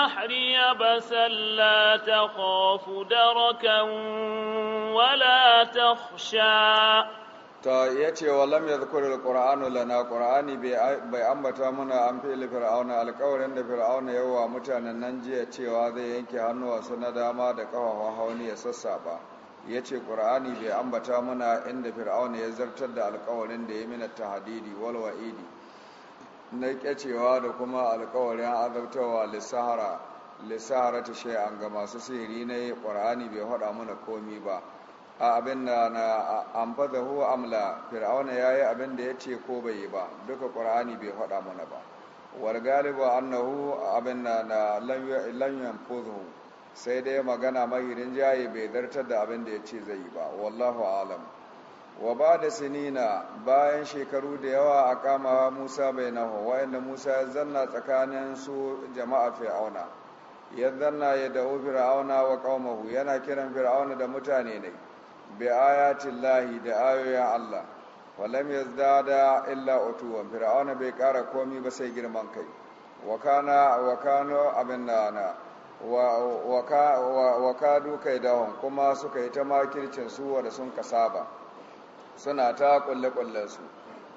البحر يبسا لا تخاف دركا ولا تخشى ta ya ce wa lam ya zukurar ƙura'anu lana ƙura'ani bai ambata mana an fili fir'auna alkawarin da fir'auna yawa mutanen nan jiya cewa zai yanke hannuwa na dama da ƙafafen hauni ya sassa ba ya ce ƙura'ani bai ambata mana inda fir'auna ya zartar da alkawarin da ya mina tahadidi wal wa'idi na kyacewa da kuma alkawarin azabtawa lissahara lissahara ta shay'an ga masu sihiri na yi ƙwar'ani bai haɗa mana komi ba a abin da na amfada huwa amla fir'auna ya yi abin da ya ce ko bai yi ba duka ƙwar'ani bai haɗa mana ba wal galibu annahu abin da na lanyan fuzuhu sai dai magana mahirin jaye bai zartar da abin da ya ce zai yi ba wallahu alam wa ba da sinina bayan shekaru da yawa a kama musa bai nahu wa'inda musa ya zanna tsakanin su jama'a fir'auna ya zanna ya da'u fir'auna wa ƙaumahu yana kiran fir'auna da mutane ne bi ayatin lahi da ayoyin allah walam ya zada illa otuwan fir'auna bai kara komi ba sai girman kai wa kano abin na na wa kadu kai dawon kuma suka yi ta makircin su wanda sun kasaba suna ta kwalle su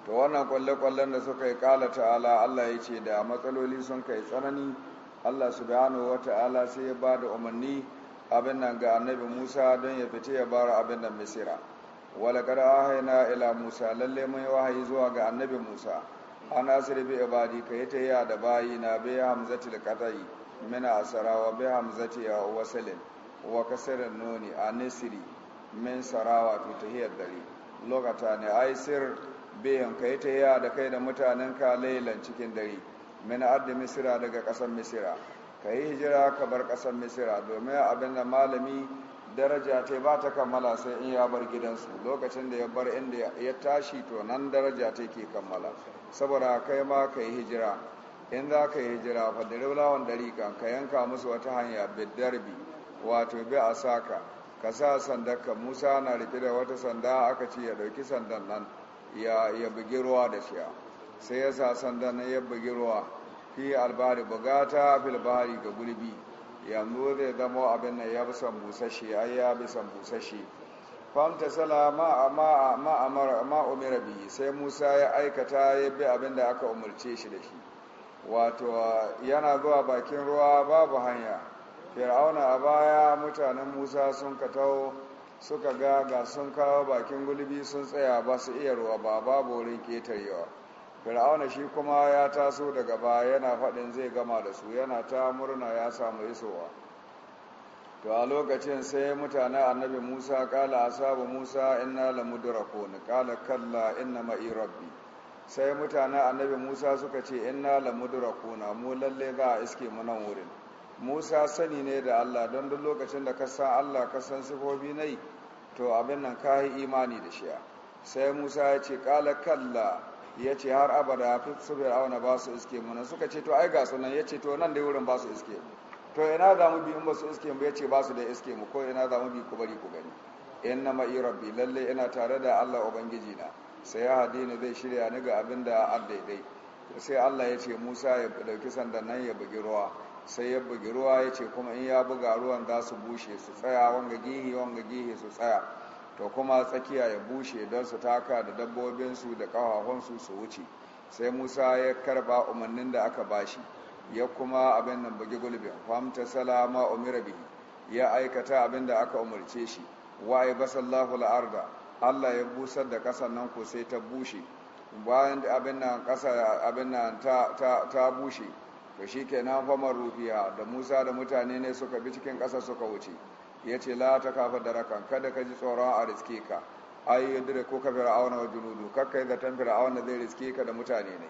to wannan kwalle-kwallen da suka yi kala ta'ala Allah ya ce da matsaloli sun kai tsanani Allah subhanahu wa ta'ala sai ya ba da umarni abin nan ga annabi Musa don ya fita ya bara abin nan Misira kada ahaina ila Musa lalle mun wahayi zuwa ga annabi Musa an asiri bi ibadi ka yi tayya da bayi na bi hamzati al-qata'i min asara wa bi hamzati ya wasalin wa kasara nuni anisri min sarawa tutahiyar tahiyar dare lokata ne ai sir biyan kai ta yi da kai da mutanenka lailan cikin dare min arda misira daga ƙasar misira ka yi hijira ka bar ƙasar misira domin abin da malami daraja ta ba ta kammala sai in ya bar gidansu lokacin da ya bar inda ya tashi to nan daraja ta ke kammala saboda kai ma ka yi hijira in za ka yi hijira fadda dari kan ka yanka musu wata hanya bidarbi wato bi a saka ka sa sandarka musa na rike da wata sanda aka ce ya ɗauki sandan nan ya bugi ruwa da shi sai ya sa sandan nan ya bugi ruwa fi albari bugata fil bahari ga gurbi. yanzu zai zama abin nan ya bisan busashi ai ya bisan busashi famta sala ma umira bi sai musa ya aikata ya bi abin da aka umarce shi da shi wato yana zuwa bakin ruwa babu hanya fir'auna a baya mutanen musa sun katau suka ga ga sun kawo bakin gulbi sun tsaya ba su iya ruwa ba babu wurin ketarewa fir'auna shi kuma ya taso daga baya yana faɗin zai gama da su yana ta murna ya samu isowa to a lokacin sai mutane annabi musa kala asabu musa inna lamudrakun kala kalla inna ma'i rabbi sai mutane annabi musa suka ce inna lamudrakuna mu lalle za a iske mu nan wurin musa sani ne da allah don duk lokacin da ka san allah ka san sifofi nai to abin nan ka yi imani da shi sai musa ya ce kala kalla ya ce har abada fi subir auna ba su iske mu suka ce to ai ga sunan ya ce to nan dai wurin ba su iske mu to ina za mu bi in ba su iske mu ya ce ba su da iske mu ko ina za mu bi ku bari ku gani inna ma'i rabbi lalle ina tare da allah ubangiji na sai ya hadi ni zai shirya ni ga abin da dai. sai allah ya ce musa ya dauki sandan nan ya bugi ruwa sai ya bugi ruwa ya ce kuma in ya buga ruwan za su bushe su tsaya wanga gihi wanga gihi su tsaya to kuma tsakiya ya bushe don su taka da dabbobinsu da ƙafafunsu su wuce sai musa ya karba umarnin da aka bashi ya kuma abin nan bugi gulbin famta salama umirabi ya aikata abin da aka umarce shi wa basallahu la'arda? Allah ya busar da kasan nan ko sai ta bushe bayan abin nan ƙasa abin nan ta bushe to shi kenan famar rufiya da musa da mutane ne suka bi cikin ƙasa suka wuce ya ce la ta kafa da rakan kada ka ji tsoron a riske ka ayi yadda ko ka fir'auna wa junudu kakka yi zaton fir'auna zai riske ka da mutane ne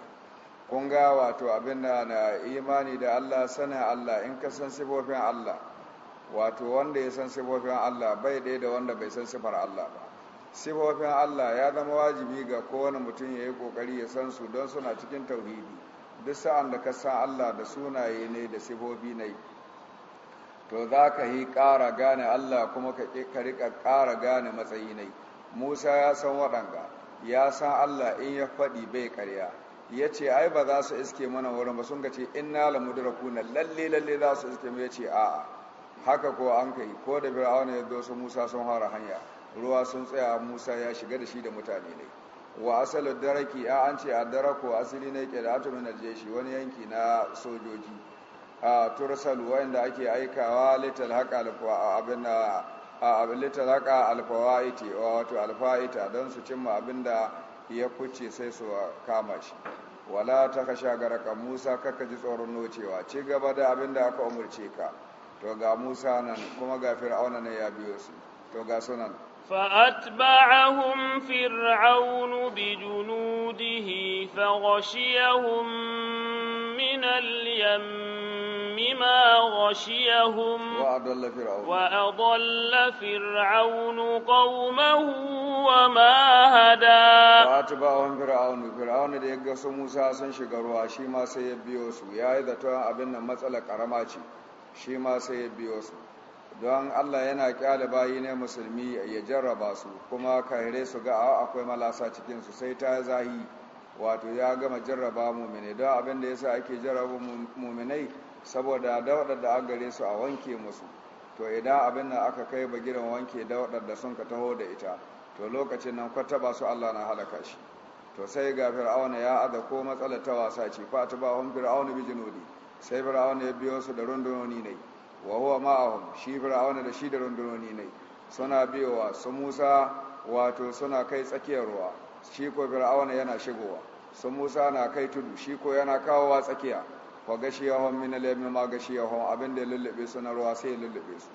kun ga wato abin da na imani da allah sana allah in ka san sifofin allah wato wanda ya san sifofin allah bai ɗaya da wanda bai san sifar allah ba sifofin allah ya zama wajibi ga kowane mutum ya yi ƙoƙari ya san su don suna cikin tauhidi duk sa'an da ka san Allah da sunaye ne da sibobi ne to za ka yi ƙara gane Allah kuma ka rika ƙara gane matsayi ne musa ya san waɗanga ya san Allah in ya faɗi bai karya. ya ce ai ba za su iske mana wurin ba sun ga ce in na lamu da mudrakuna lalle lalle za su iske mai ce a'a haka ko an kai ko da fir'auna ya doso musa sun hara hanya ruwa sun tsaya musa ya shiga da shi da mutane ne wa asalu daraki a an ce a darako asali ne ke da atomin aljeshi wani yanki na sojoji a tursalu wanda ake aikawa littal haka alfawa a abin littal haka alfawaiti wato alfaita don su cimma abin da ya kuce sai su kama shi wala ta kasha garaka musa kaka ji tsoron nocewa ci gaba da abin da aka umarce ka to ga musa nan kuma ga fir'auna ne ya biyo su to ga sunan فأتبعهم فرعون بجنوده فغشيهم من اليم ما غشيهم وأضل فرعون, وأضل فرعون قومه وما هدى فأتبعهم فرعون فرعون da ya gasa Musa sun shiga ruwa sai ya biyo su yayi zaton abin nan matsalar karama ce sai ya biyo don Allah yana kyale bayi ne musulmi ya jarraba su kuma kahire su ga akwai malasa cikin su sai ta zahi wato ya gama jarraba mumine don abin da yasa ake jarraba muminai saboda daudar da an gare su a wanke musu to idan abin da aka kai ba gidan wanke daudar da sun ka taho da ita to lokacin nan kwata ba su Allah na halaka shi to sai ga fir'auna ya ada ko matsalar ta wasa ce fa ta ba hon fir'auna bijinodi sai fir'auna ya biyo su da rundunoni ne wa huwa ma'ahum shi fir'auna da shi da rundunoni ne suna biyowa su musa wato suna kai tsakiyar ruwa shi ko fir'auna yana shigowa su musa na kai tudu shi ko yana kawowa tsakiya fa gashiyahum min al-yammi ma gashiyahum abin da lullube su na ruwa sai lullube su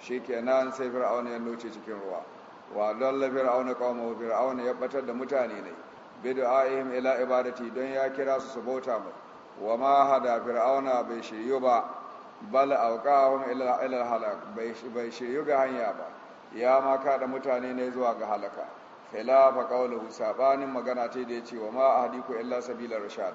shikenan sai fir'auna ya noce cikin ruwa wa dalla fir'auna qawmuhu fir'auna ya batar da mutane ne bid'a'ihim ila ibadati don ya kira su su bauta mu wa ma hada fir'auna bai shiryu ba bal alqahum ila ila halak bai shiryu ga hanya ba ya ma kada mutane ne zuwa ga halaka fa qawluhu sabanin magana ce da yace wa ma ahdiku illa sabila rashad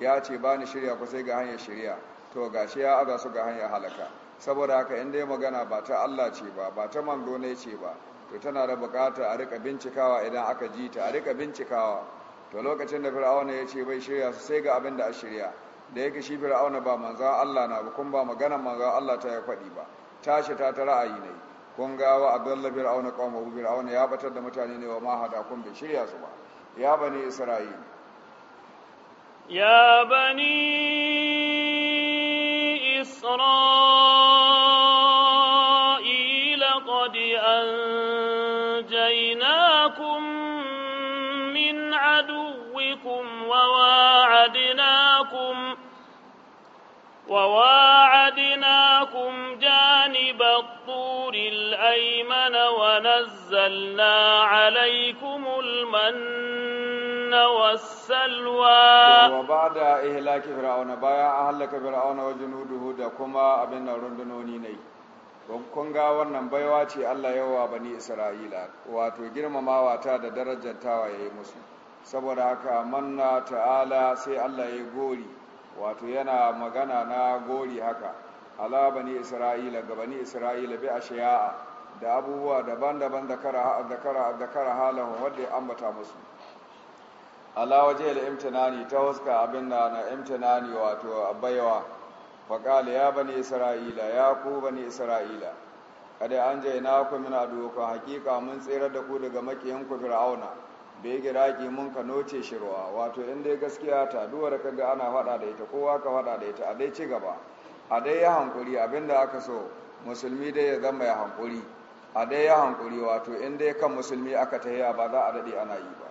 ya ce bani shirya ku sai ga hanyar shirya to gashi ya aga su ga hanyar halaka saboda haka in dai magana ba ta Allah ce ba ba ta manzo ne ce ba to tana da bukata a rika bincikawa idan aka ji ta a rika bincikawa to lokacin da fir'auna ya ce bai shirya su sai ga abin da a shirya da yake shi fir'auna ba manzan Allah na ba kun ba magana manzan Allah ta ya faɗi ba tashi ta ta ra'ayi ne kun ga wa adalla fir'auna qawmuhu fir'auna ya batar da mutane ne wa ma hada kun bai shirya su ba ya bani isra'il ya bani isra'il وواعدناكم جانب الطور الأيمن ونزلنا عليكم المن والسلوى وبعد إهلاك فرعون بايا أهلك فرعون وجنوده دكما كما أبن رندنوني ني kun ga wannan baiwa ce Allah wa bani Isra'ila wato girmamawa ta da darajar tawa yayi musu saboda haka manna ta'ala sai Allah ya gori wato yana magana na gori haka ala bani isra'ila ga bani isra'ila bi ashiya'a da abubuwa daban-daban da kara da kara da kara halahu wanda ya ambata musu ala waje da imtinani ta huska abin da na imtinani wato abaiwa faqala ya bani isra'ila ya ku bani isra'ila kada an jaina ku min doka, hakika mun tsere da ku daga makiyanku fir'auna bai giraki mun ka noce shirwa wato inda gaskiya ta duwar ka ga ana faɗa da ita kowa ka faɗa da ita a dai ci gaba a dai ya hankuri abinda aka so musulmi dai ya zama ya hankuri a dai ya hankuri wato inda ya kan musulmi aka tahiya ba za a daɗe ana yi ba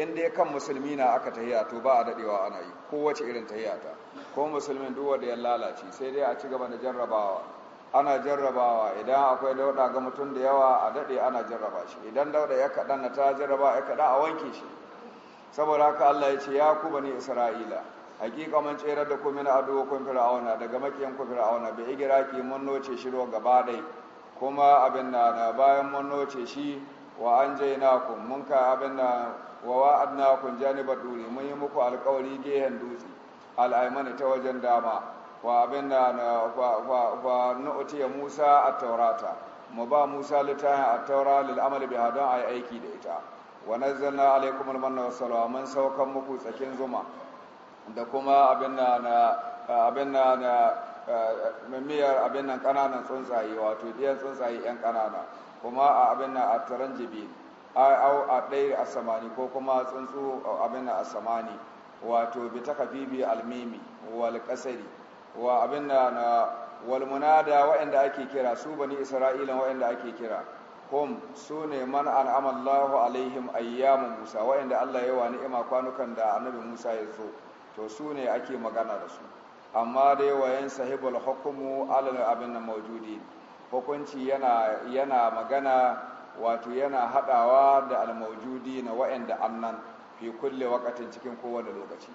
inda ya kan musulmi na aka tahiya to ba a daɗewa ana yi kowace irin tahiya ta ko musulmin duwar da ya lalace sai dai a ci gaba da jarrabawa ana jarrabawa idan akwai dauda ga mutum da yawa a dade ana jarraba shi idan dauda ya kaɗan na ta jarraba ya kaɗa a wanke shi saboda haka Allah ya ce ya ku bani isra'ila hakika mun tsere da kuma na adu kun fir'auna daga makiyan ku fir'auna bi igiraki mun noce shi ro gaba dai kuma abin da na bayan mun noce shi wa an ku mun ka abin da wa wa'adnakum janibat duri mun yi muku alƙawari gehen dutse al'aimani ta wajen dama wa abin da wa ya musa a taurata mu ba musa littafin a taura lil'amali bi hadon a yi aiki da ita wa nazzalna alaikum manna wa salwa mun saukan muku tsakin zuma da kuma abin da na abin da na eh, abin nan kananan tsuntsaye wato diyan tsuntsaye yan kanana kuma a abin na a taran jibi au a ɗaya a samani ko kuma tsuntsu abin nan a samani wato bi takafibi almimi wal kasari wa abin da na walmunada waɗanda ake kira su bani isra'ila waɗanda ake kira hum su ne man an'amallahu alaihim Ayyamun musa waɗanda allah yawa ni'ima kwanukan da annabi musa ya zo to su ne ake magana da su amma dai wayan sahibul hukumu alal abin nan maujudi hukunci yana magana wato yana hadawa da al na na waɗanda annan fi kulle wakatin cikin kowane lokaci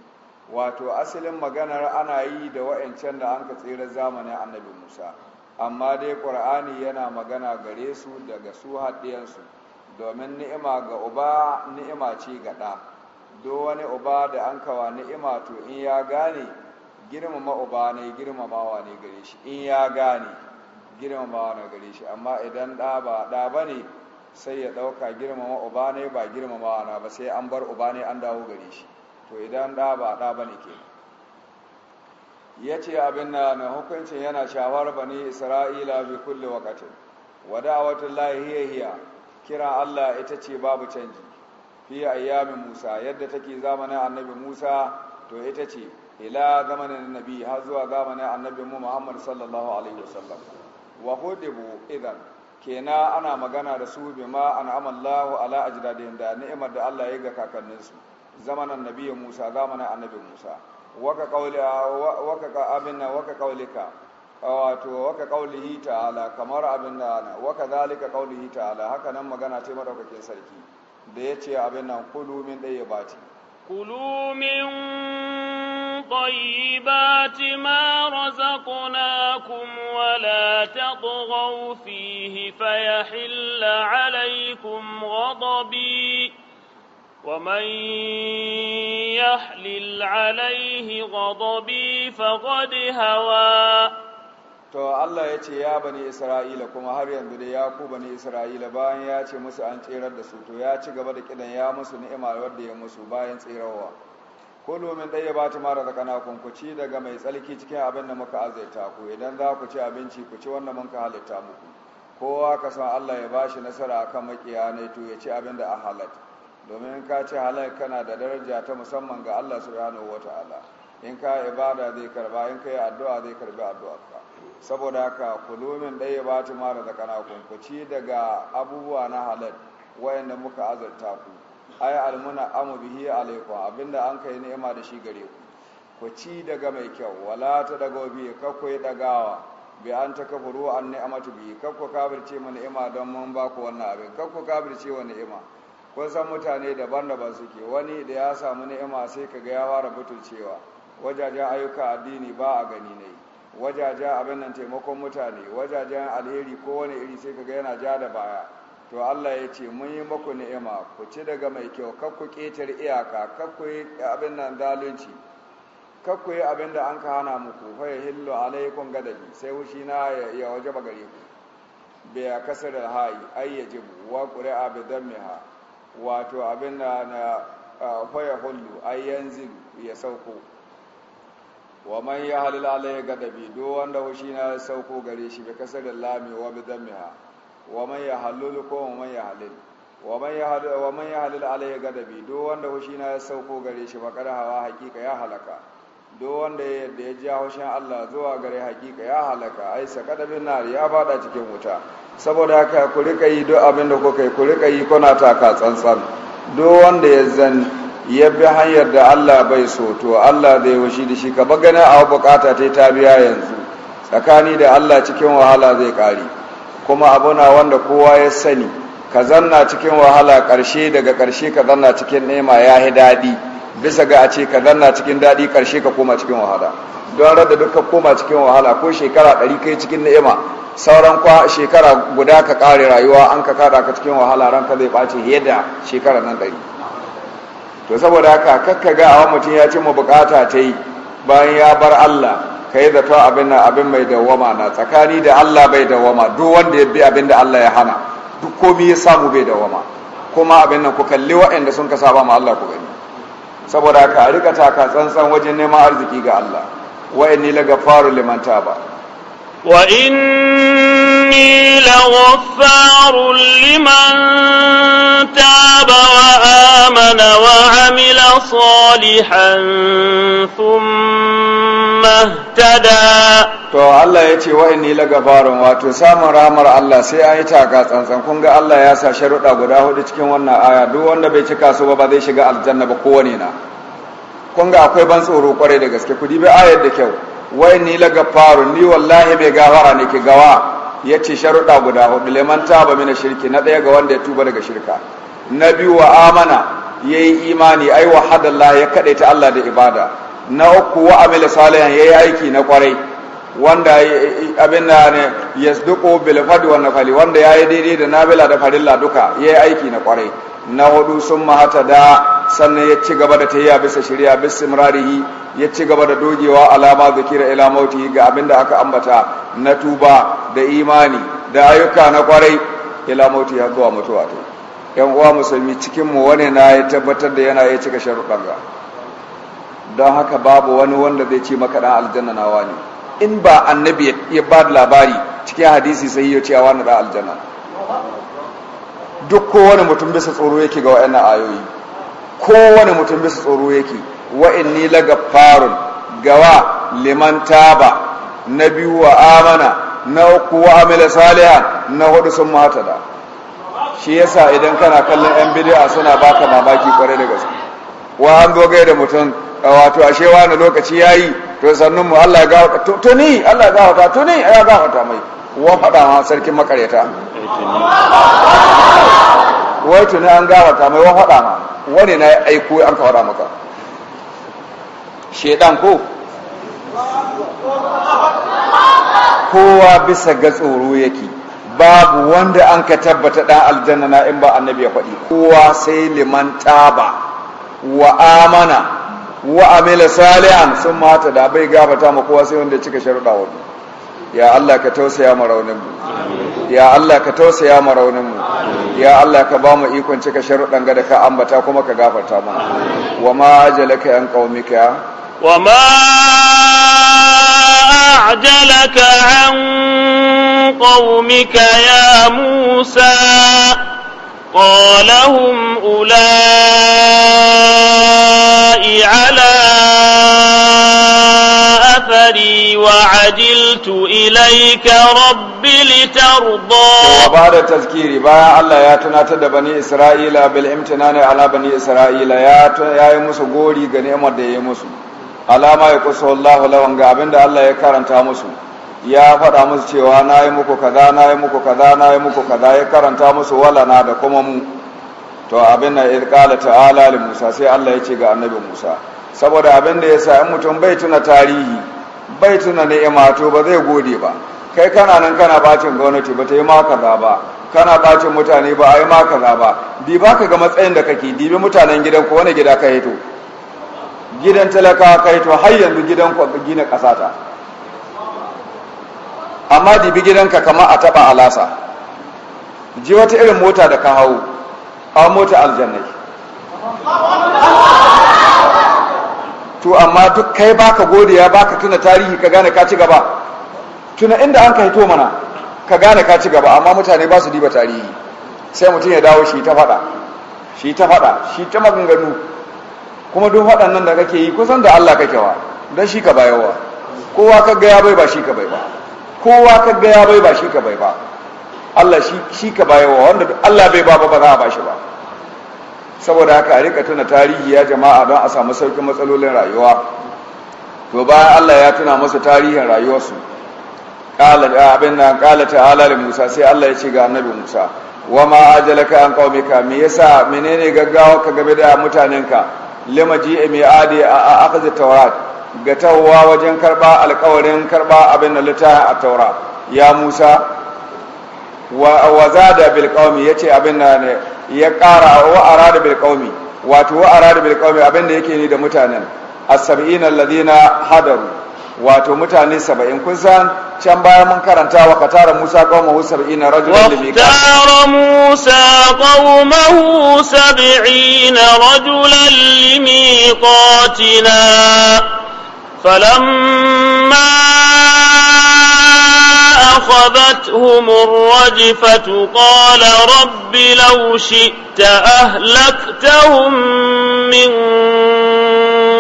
wato asalin maganar ana yi da wa'ancan da an ka tsira zamanin annabi musa amma dai ƙur'ani yana magana gare su daga su haɗiyansu domin ni'ima ga uba ni'ima ce ga do wani uba da an kawa ni'ima to in ya gane girmama uba ne girmamawa ne gare shi in ya gane girmamawa ne gare shi amma idan ɗa ba ɗa ba ne sai ya ɗauka girmama uba ne ba girmamawa ba sai an bar uba ne an dawo gare shi to idan ɗa ba ɗa ba ne ke. ya ce abin na na hukuncin yana shawar bani isra'ila bi kulle wakatin wada'awatun hiya kira allah ita ce babu canji fi ayyamin musa yadda take zamanin annabi musa to ita ce ila zamanin annabi har zuwa zamanin annabi mu muhammad sallallahu alaihi wasallam wa hudibu idan kena ana magana da su ma an amallahu ala ajdadihim da ni'imar da allah ya ga kakanninsu zamanan Nabiya Musa zamanin annabi Musa waka qauli waka ka abinna waka qaulika wato waka qaulihi ta'ala kamar abinda waka zalika qaulihi ta'ala haka nan magana ce maɗaukakin sarki da ya yace abin nan kulu min dayyibati kulu min طيبات ما رزقناكم ولا تطغوا فيه فيحل عليكم غضبي ومن يحلل عليه غضبي فقد هوى to Allah ya ce ya bani Isra'ila kuma har yanzu da ya ku bani Isra'ila bayan ya ce musu an tserar da su to ya ci gaba da kidan ya musu ni'ima wadda ya musu bayan tserawa ko domin ɗaya ba ta mara da kana ku daga mai tsalki cikin abin da muka azaita ku idan za ku ci abinci ku ci wannan mun ka halitta muku kowa ka san Allah ya ba shi nasara akan makiya ne to ya ci abin da a halatta domin ka ce halak kana da daraja ta musamman ga Allah subhanahu ta'ala in ka ibada zai karba in ka yi addu'a zai karbi addu'arka saboda ku kulumin ɗaya ba ta mara da kanakun ku ci daga abubuwa na halal wayanda muka azarta ku ai almuna amu bihi alaiku abinda an kai ni'ima da shi gare ku ku ci daga mai kyau wala ta daga bi ka ku yi dagawa bi an ta kafuru an ni'amatu bi ka ku kabirce ni'ima don mun ba ku wannan abin ka ku kafirce wa ni'ima kun san mutane daban-daban suke wani da ya samu ni'ima sai ka gaya ya fara butulcewa wajajen ayyuka addini ba a gani ne wajajen abin nan taimakon mutane wajajen alheri ko wani iri sai kaga yana ja da baya to Allah ya ce mun yi maku ni'ima ku ci daga mai kyau kar ku ketar iyaka kar ku yi abin nan zalunci kar ku yi abin da an ka hana muku fa ya hillu alaikum gadali sai wushi na ya waje bagare ku bi kasar hayi ayyajibu wa qur'a bi dammiha wato abin da na hoya hullu ai yanzu ya sauko wa man ya halil alayhi gadabi do wanda hushi na ya sauko gare shi bi kasar lami wa bi dammiha wa man ya halulu ko wa man ya halil wa man ya halil wa man ya halil alayhi gadabi do wanda hushi na ya sauko gare shi ba kada hawa hakika ya halaka do wanda da ya ja hushin Allah zuwa gare hakika ya halaka ai sakada bin nari ya bada cikin wuta saboda haka ku rika yi duk abin da kuka yi ku rika yi kuna taka tsantsan duk wanda ya zan ya bi hanyar da Allah bai so to Allah zai washi da shi kaba gani a bukata ta ta biya yanzu tsakani da Allah cikin wahala zai kare kuma abu na wanda kowa ya sani ka zanna cikin wahala karshe daga karshe ka zanna cikin nema ya daɗi bisa ga a ce ka zanna cikin daɗi karshe ka koma cikin wahala don rada duka koma cikin wahala ko shekara ɗari kai cikin ni'ima sauran kwa shekara guda ka ƙare rayuwa an ka kada ka cikin wahala ranka zai ɓace yadda shekara nan ɗari to saboda haka kakka ga a mutum ya cimma bukata ta yi bayan ya bar allah ka yi zato abin na abin mai dawama na tsakani da allah bai dawama, duk wanda ya bi abin da allah ya hana duk komi ya samu bai dawama? kuma abin nan ku kalli waɗanda sun ka saba ma allah ku gani saboda haka a rika taka tsantsan wajen neman arziki ga allah wa inni lagafaru liman taba wa inni lagafaru liman taba wa amana wa amila salihan thumma to Allah ya ce wa inni lagafarun wato samun ramar Allah sai an yi taka tsantsan kun ga Allah ya sa sharuɗa guda hudu cikin wannan aya duk wanda bai cika su ba ba zai shiga aljanna ba kowane na kun ga akwai ban tsoro kwarai da gaske kudi bai ayar da kyau wai ni la gafaru ni wallahi mai gafara ne ke gawa ya ce sharuɗa guda hudu liman taba mina shirki na ɗaya ga wanda ya tuba daga shirka na biyu wa amana ya yi imani ai wa hadallah ya ta Allah da ibada na uku wa amila salihan ya yi aiki na kwarai wanda abin da ne ya duko bil Bilfadu wanda ya yi daidai da nabila da farilla duka ya yi aiki na kwarai na hudu sun mahata da sannan ya ci gaba da tahiya bisa shirya bisa murarihi ya ci gaba da dogewa alama zikira ila mauti ga abin da aka ambata na tuba da imani da ayyuka na kwarai ila mauti ya zuwa mutuwa ta yan uwa musulmi cikin mu wani na ya tabbatar da yana ya cika sharuɗan ga don haka babu wani wanda zai ce maka dan aljanna na wani in ba annabi ya ba da labari cikin hadisi sai ya ce wani dan aljanna duk kowane mutum bisa tsoro yake ga wa'annan ayoyi kowane mutum bisa tsoro yake wa'anni farun. gawa liman taba na biyu wa amana na uku wa amila salihan na hudu sun da. shi yasa idan kana kallon yan bid'a suna baka mamaki kwarai da gaske wa an dogai da mutum wato ashe na lokaci ya yi, to sannun mu Allah ya gafarta tuni Allah ya gafarta tuni ya ta mai wa faɗa ma sarkin makaryata wai tuni an gafarta mai wani faɗa ma wani na aiko an ka faɗa maka shaidan ko kowa bisa ga tsoro yake babu wanda an ka tabbata ɗan aljanna na in ba annabi ya faɗi kowa sai liman taba wa amana wa amila salihan sun mata da bai gabata ma kowa sai wanda cika sharuɗa wani ya Allah ka tausaya mu raunin mu ya Allah ka tausaya mu raunin mu ya Allah ka ba mu ikon cika sharu ga da ka ambata kuma ka gafarta mana wa ma ajalaka an qaumika wa ma ajalaka an qaumika ya Musa Ƙolahun ulai ala سفري وعجلت إليك رب لترضى وبعد التذكير بايا الله يا تنات بني إسرائيل بالامتنان على بني إسرائيل يا يا يمس غوري غنيمة دي يمس على ما يقص الله لو ga abin da Allah ya karanta musu ya faɗa musu cewa na yi muku kaza na yi muku kaza na yi muku kaza ya karanta musu wala na da kuma mu to abin na irkala ta'ala li musa sai Allah ya ce ga annabi musa saboda abin da ya sa mutum bai tuna tarihi bai tuna ni'ima to ba zai gode ba kai kana nan kana bacin gwamnati ba ta yi maka za ba kana bacin mutane ba a yi maka za ba diba ka ga matsayin da kake dibi mutanen gidan ku wani gida ka hito gidan talaka ka hito har yanzu gidan ku gina ƙasa ta amma dibi gidanka kama a taba alasa ji wata irin mota da ka hau a mota aljannai to amma duk kai baka godiya baka tuna tarihi ka gane ka ci gaba tuna inda an ka hito mana ka gane ka ci gaba amma mutane ba su diba tarihi sai mutum ya dawo shi ta fada, shi ta fada, shi ta maganganu kuma duk waɗannan da kake yi kusan da Allah kake wa don shi ka bayarwa kowa ka ga ya bai ba shi ka bai ba kowa ka ga ya bai ba shi ka bai ba Allah shi ka bayarwa wanda Allah bai ba ba ba za a ba shi ba saboda haka a rika tuna tarihi ya jama'a don a samu sauƙin matsalolin rayuwa to bayan Allah ya tuna masa tarihin rayuwarsu abin nan ƙala ta'ala da musa sai Allah ya ce ga annabi musa wa ma ajalaka an qaumika me yasa menene gaggawa ka game da mutanenka lima ji'a mi adi a Akhaz-Taurat. ga tawwa wajen karba alƙawarin karba abin da littafin a taura ya musa wa wazada bil qaumi yace abin nan ne ya kara wa arada bil qaumi wato wa arada bil qaumi abin da yake ni da mutanen as-sab'in alladhina hadaru wato mutane 70 kun san can baya mun karanta wa katara Musa qaumahu 70 rajulan limiqati katara Musa qaumahu 70 rajulan limiqatina falamma فأخذتهم الرجفة قال رب لو شئت أهلكتهم من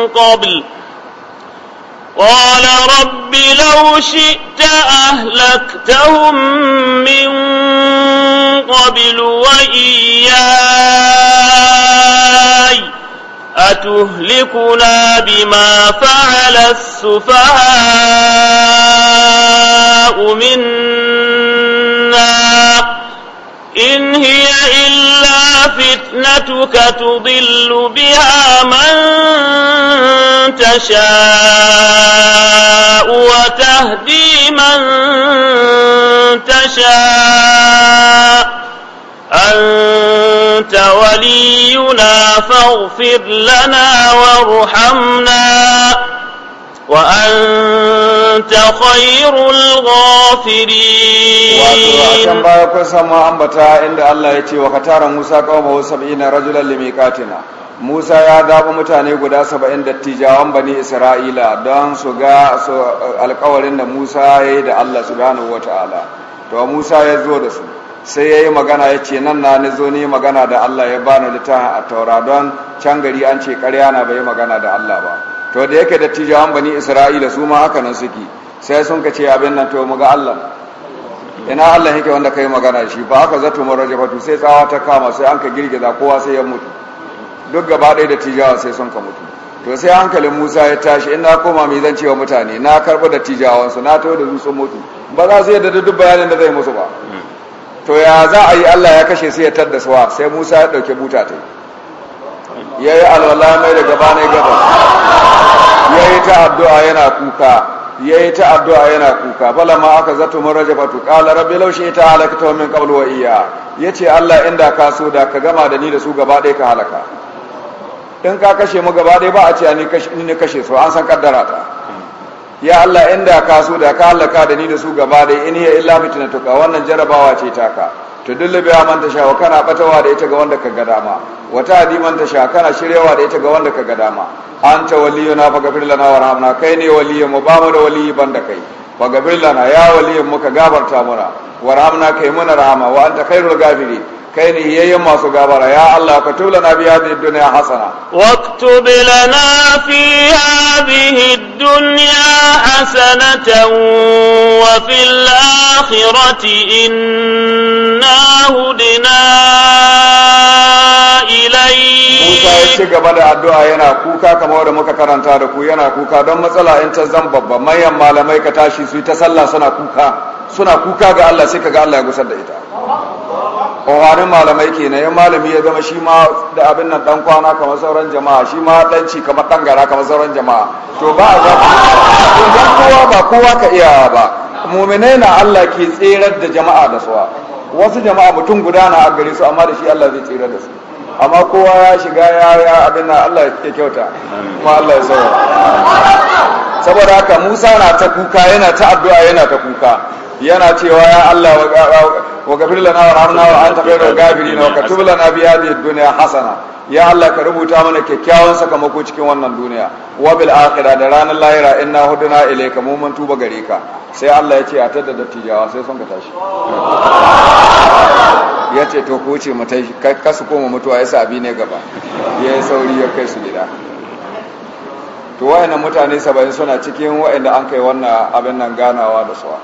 قبل قال رب لو شئت أهلكتهم من قبل وإياي تهلكنا بما فعل السفهاء منا إن هي إلا فتنتك تضل بها من تشاء وتهدي من تشاء أنت ولينا فاغفر لنا وارحمنا وأنت خير الغافرين وأتوا بايا كويسا ما أنبتا إن الله يتي وكتار موسى قومه سبعين رجلا لميقاتنا Musa ya zaɓi mutane guda saba'in dattijawan bani Isra'ila don su ga alkawarin da Musa ya yi da Allah wa ta'ala, to Musa ya zo da su, sai ya yi magana ya ce nan na ni zo ni magana da Allah ya bani littafin a taura don can gari an ce karya na bai magana da Allah ba to da yake da tijawan bani isra'ila su ma haka nan suke sai sun ka ce abin nan to mu Allah ina Allah yake wanda kai magana shi ba haka zato marajafatu sai tsawa ta kama sai an ka girgiza kowa sai ya mutu duk gaba ɗaya da tijawa sai sun ka mutu to sai hankalin musa ya tashi ina koma mai zan cewa mutane na karɓi da tijawansu na tawo da su mutu ba za su yadda duk bayanin da zai musu ba to ya za a yi Allah ya kashe sai ya tadda suwa sai Musa ya dauke buta ta yi alwala mai da gaba ne gaba yayi ta addu'a yana kuka yayi ta addu'a yana kuka ma aka zato mun rajabatu qala rabbi law ta halakta min qabl wa iya yace Allah inda ka so da ka gama da ni da su gaba ɗaya ka halaka in ka kashe mu gaba ɗaya ba a ce ni kashe su an san kaddara ta ya Allah inda ka so da ka halaka da ni da su gaba da in ya illa fitnatuka wannan jarabawa ce taka to dulle bai man ta shawa kana batawa da ita ga wanda ka ga dama wata adi man ta sha kana shiryawa da ita ga wanda ka ga dama anta waliyuna gafir lana rahmana kai ne waliyun mu ba mu da waliyi banda kai gafir lana ya waliyun mu ka gabarta muna warhamna kai muna rahama wa anta khairul ghafirin kai ne yayin masu gabara ya Allah ka tubla na biya da duniya hasana waktub lana fi hadhihi dunya hasanatan wa fil akhirati inna hudina ilayk Musa ya ci gaba da addu'a yana kuka kamar da muka karanta da ku yana kuka don matsala in ta zan babba manyan malamai ka tashi su yi ta sallah suna kuka suna kuka ga Allah sai ka ga Allah ya gusar da ita ƙwarin malamai kenan yan malami ya zama shi ma da abin nan dan kwana kamar sauran jama'a shi ma danci kamar dan gara kamar sauran jama'a to ba a zama kowa ba kowa ka iya ba muminai na Allah ke tserar da jama'a da suwa wasu jama'a mutum guda na a gare su amma da shi Allah zai tserar da su amma kowa ya shiga ya ya abin nan Allah ya kyauta kuma Allah ya sauya saboda haka Musa na ta kuka yana ta addu'a yana ta kuka yana cewa ya Allah وغفر لنا وارحمنا وانت خير الغافرين وكتب لنا في هذه الدنيا حسنه يا الله ka rubuta mana kyakkyawan sakamako cikin wannan duniya wa bil da ranar lahira inna na ilayka mu mun tuba gare ka sai Allah ya ce a tada dattijawa sai sun ka tashi ya ce to ko ce mata kasu koma mutuwa ya sabi ne gaba ya yi sauri ya kai su gida to wayannan mutane saba'in suna cikin wayanda an kai wannan abin nan ganawa da suwa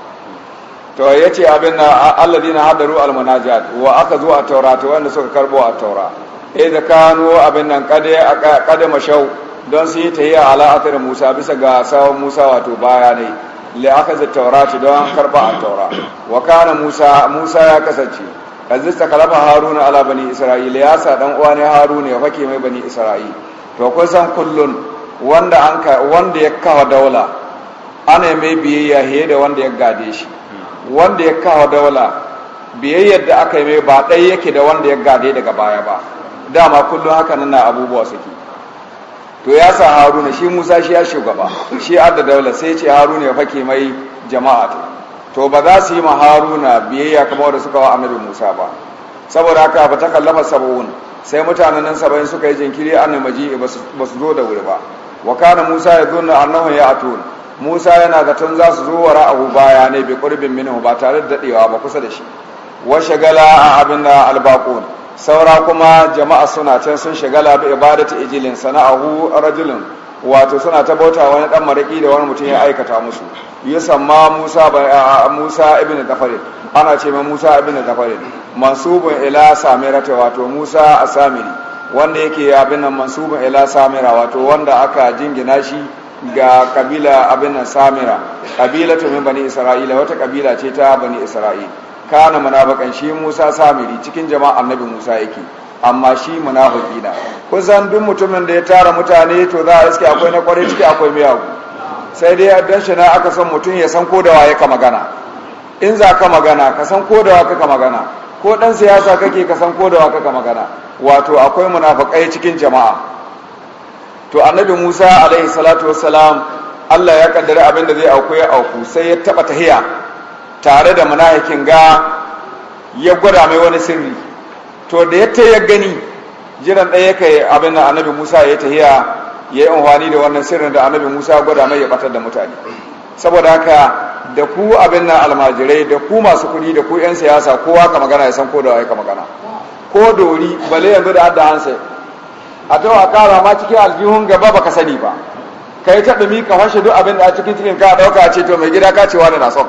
to ya ce abin na alladi na hadaru almanajat wa aka zuwa a taura ta wanda suka karbo a taura E, da kano abin nan kada mashau don su yi ta yi ala atar musa bisa ga sawan musa wato baya ne le aka zai taura ta don karba a taura wa kano musa ya kasance aziz ta kalaba haruna ala bani isra'ila ya sa dan uwa ne haruna ya fake mai bani isra'ila to kun san kullun wanda ya kawo daula ana mai biyayya da wanda ya gade shi wanda ya kawo daula biyayyar da aka yi mai ba ɗaya yake da wanda ya gade daga baya ba dama kullum haka nuna abubuwa suke to ya sa haruna shi musa shi ya shugaba shi adda daula sai ce haruna ya fake mai jama'a to ba za su yi ma haruna biyayya kamar da suka wa annabi musa ba saboda haka ba ta kallama saba'un sai mutanen nan saba'in suka yi jinkiri annabi maji ba su zo da wuri ba wa kana musa ya zo na annahun ya atun musa yana zaton za su zo wa ra'ahu baya ne bi qurbin minhu ba tare da daɗewa ba kusa da shi wa shagala a abin da albaqun saura kuma jama'a suna can sun shagala bi ibadati ijilin sana'ahu rajulun wato suna ta bauta wani dan maraki da wani mutum ya aikata musu samma musa musa ibn dafarin ana ce mai musa ibn dafarin mansubun ila samirata wato musa asamiri wanda yake abin nan mansubun ila samira wato wanda aka jingina shi ga kabila abin nan samira kabila ta bani isra'ila wata kabila ce ta bani isra'ila kana munafiqan shi Musa samiri cikin jama'a annabi Musa yake amma shi munafiki na kusan duk mutumin da ya tara mutane to za a iske akwai na kware ciki akwai miyagu sai dai addan shi na aka san mutum ya san ko da ka magana in za ka magana ka san ko da ka magana ko dan siyasa kake ka san ko da ka magana wato akwai munafikai cikin jama'a to annabi musa alaihi salatu wassalam allah ya kaddara abin da zai auku ya auku sai ya taba tahiya tare da manahikin ga ya gwada mai wani sirri to da ya ta ya gani jiran ɗaya ka yi abin da annabi musa ya tahiya ya yi amfani da wannan sirrin da annabi musa gwada mai ya batar da mutane saboda haka da ku abin nan almajirai da ku masu kuɗi da ku 'yan siyasa kowa ka magana ya san ko da ya ka magana ko dori bale yanzu da adda a tawa a kara ma cikin aljihun gaba baka sani ba ka yi ta dumi ka fashe duk abin da a cikin cikin ka ɗauka ce to mai gida ka ce da na son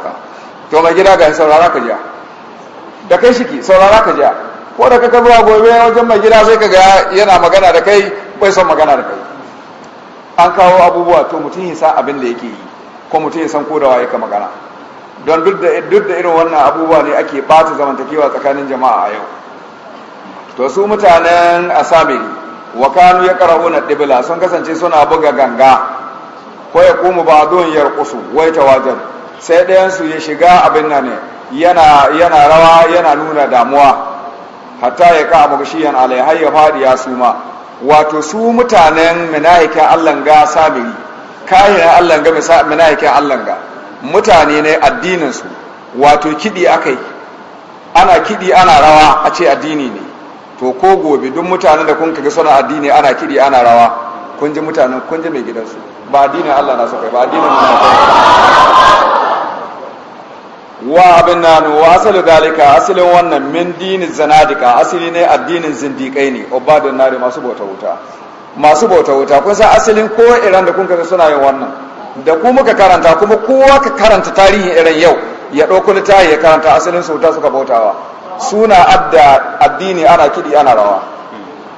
to mai gida ga saurara ka jiya da kai shiki saurara ka jiya ko da ka ka zuwa gobe wajen mai gida sai ka ga yana magana da kai bai son magana da kai an kawo abubuwa to mutum ya san abin da yake yi ko mutum ya san kodawa ka magana don duk da irin wannan abubuwa ne ake ɓata zamantakewa tsakanin jama'a a yau to su mutanen asamiri wa kanu ya na ɗibila sun kasance suna buga ganga ko ya kuma yar kusu wai wajen. sai ɗayansu ya shiga abin nan ne yana rawa yana nuna damuwa hatta ya ka yan alai har ya fadi ya suma wato su mutanen munafikan allan ga samiri kayan allan ga munafikan allan ga mutane ne addinin su wato kidi akai ana kidi ana rawa a ce addini ne to ko gobe duk mutanen da kun kaga suna addini ana kiri ana rawa kun ji mutanen kun ji mai gidansu ba addinin Allah na sakai ba addinin mu wa abin nan wa asalu dalika asalin wannan min dinin zanadika asali ne addinin zindikai ne ubadun nare masu bauta wuta masu bauta wuta kun san asalin ko iran da kun kaga suna yin wannan da ku muka karanta kuma kowa ka karanta tarihin iran yau ya ɗauko littafi ya karanta asalin su wuta suka bautawa suna adda addini ana kidi ana rawa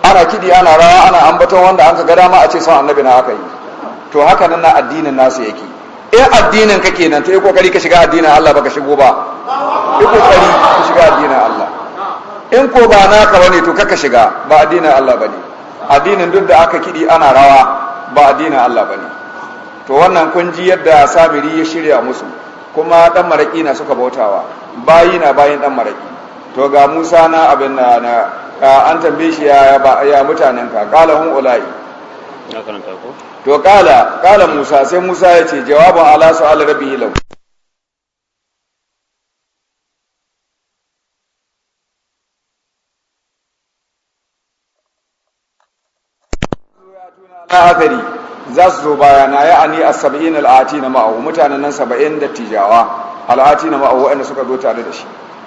ana kidi ana rawa ana ambaton wanda an ka ga dama a ce son annabi na aka yi to haka nan na addinin nasu yake in addinin ka kenan to yi kokari ka shiga addinin Allah baka shigo ba yi kokari ka shiga addinin Allah in ko ba naka bane to kaka shiga ba addinin Allah bane addinin duk da aka kidi ana rawa ba addinin Allah bane to wannan kun ji yadda sabiri ya shirya musu kuma dan maraki na suka bautawa bayi na bayin dan maraki to ga musa na abin na an tambaye shi ya mutanen ka kala hun ulai to kala kala musa sai musa ya ce jawabin ala su'al rabbihi lahu akari za su zo bayana ya ani a saba'in al'ati na ma'ahu mutanen nan saba'in da tijawa al'ati na ma'ahu wa'anda suka zo tare da shi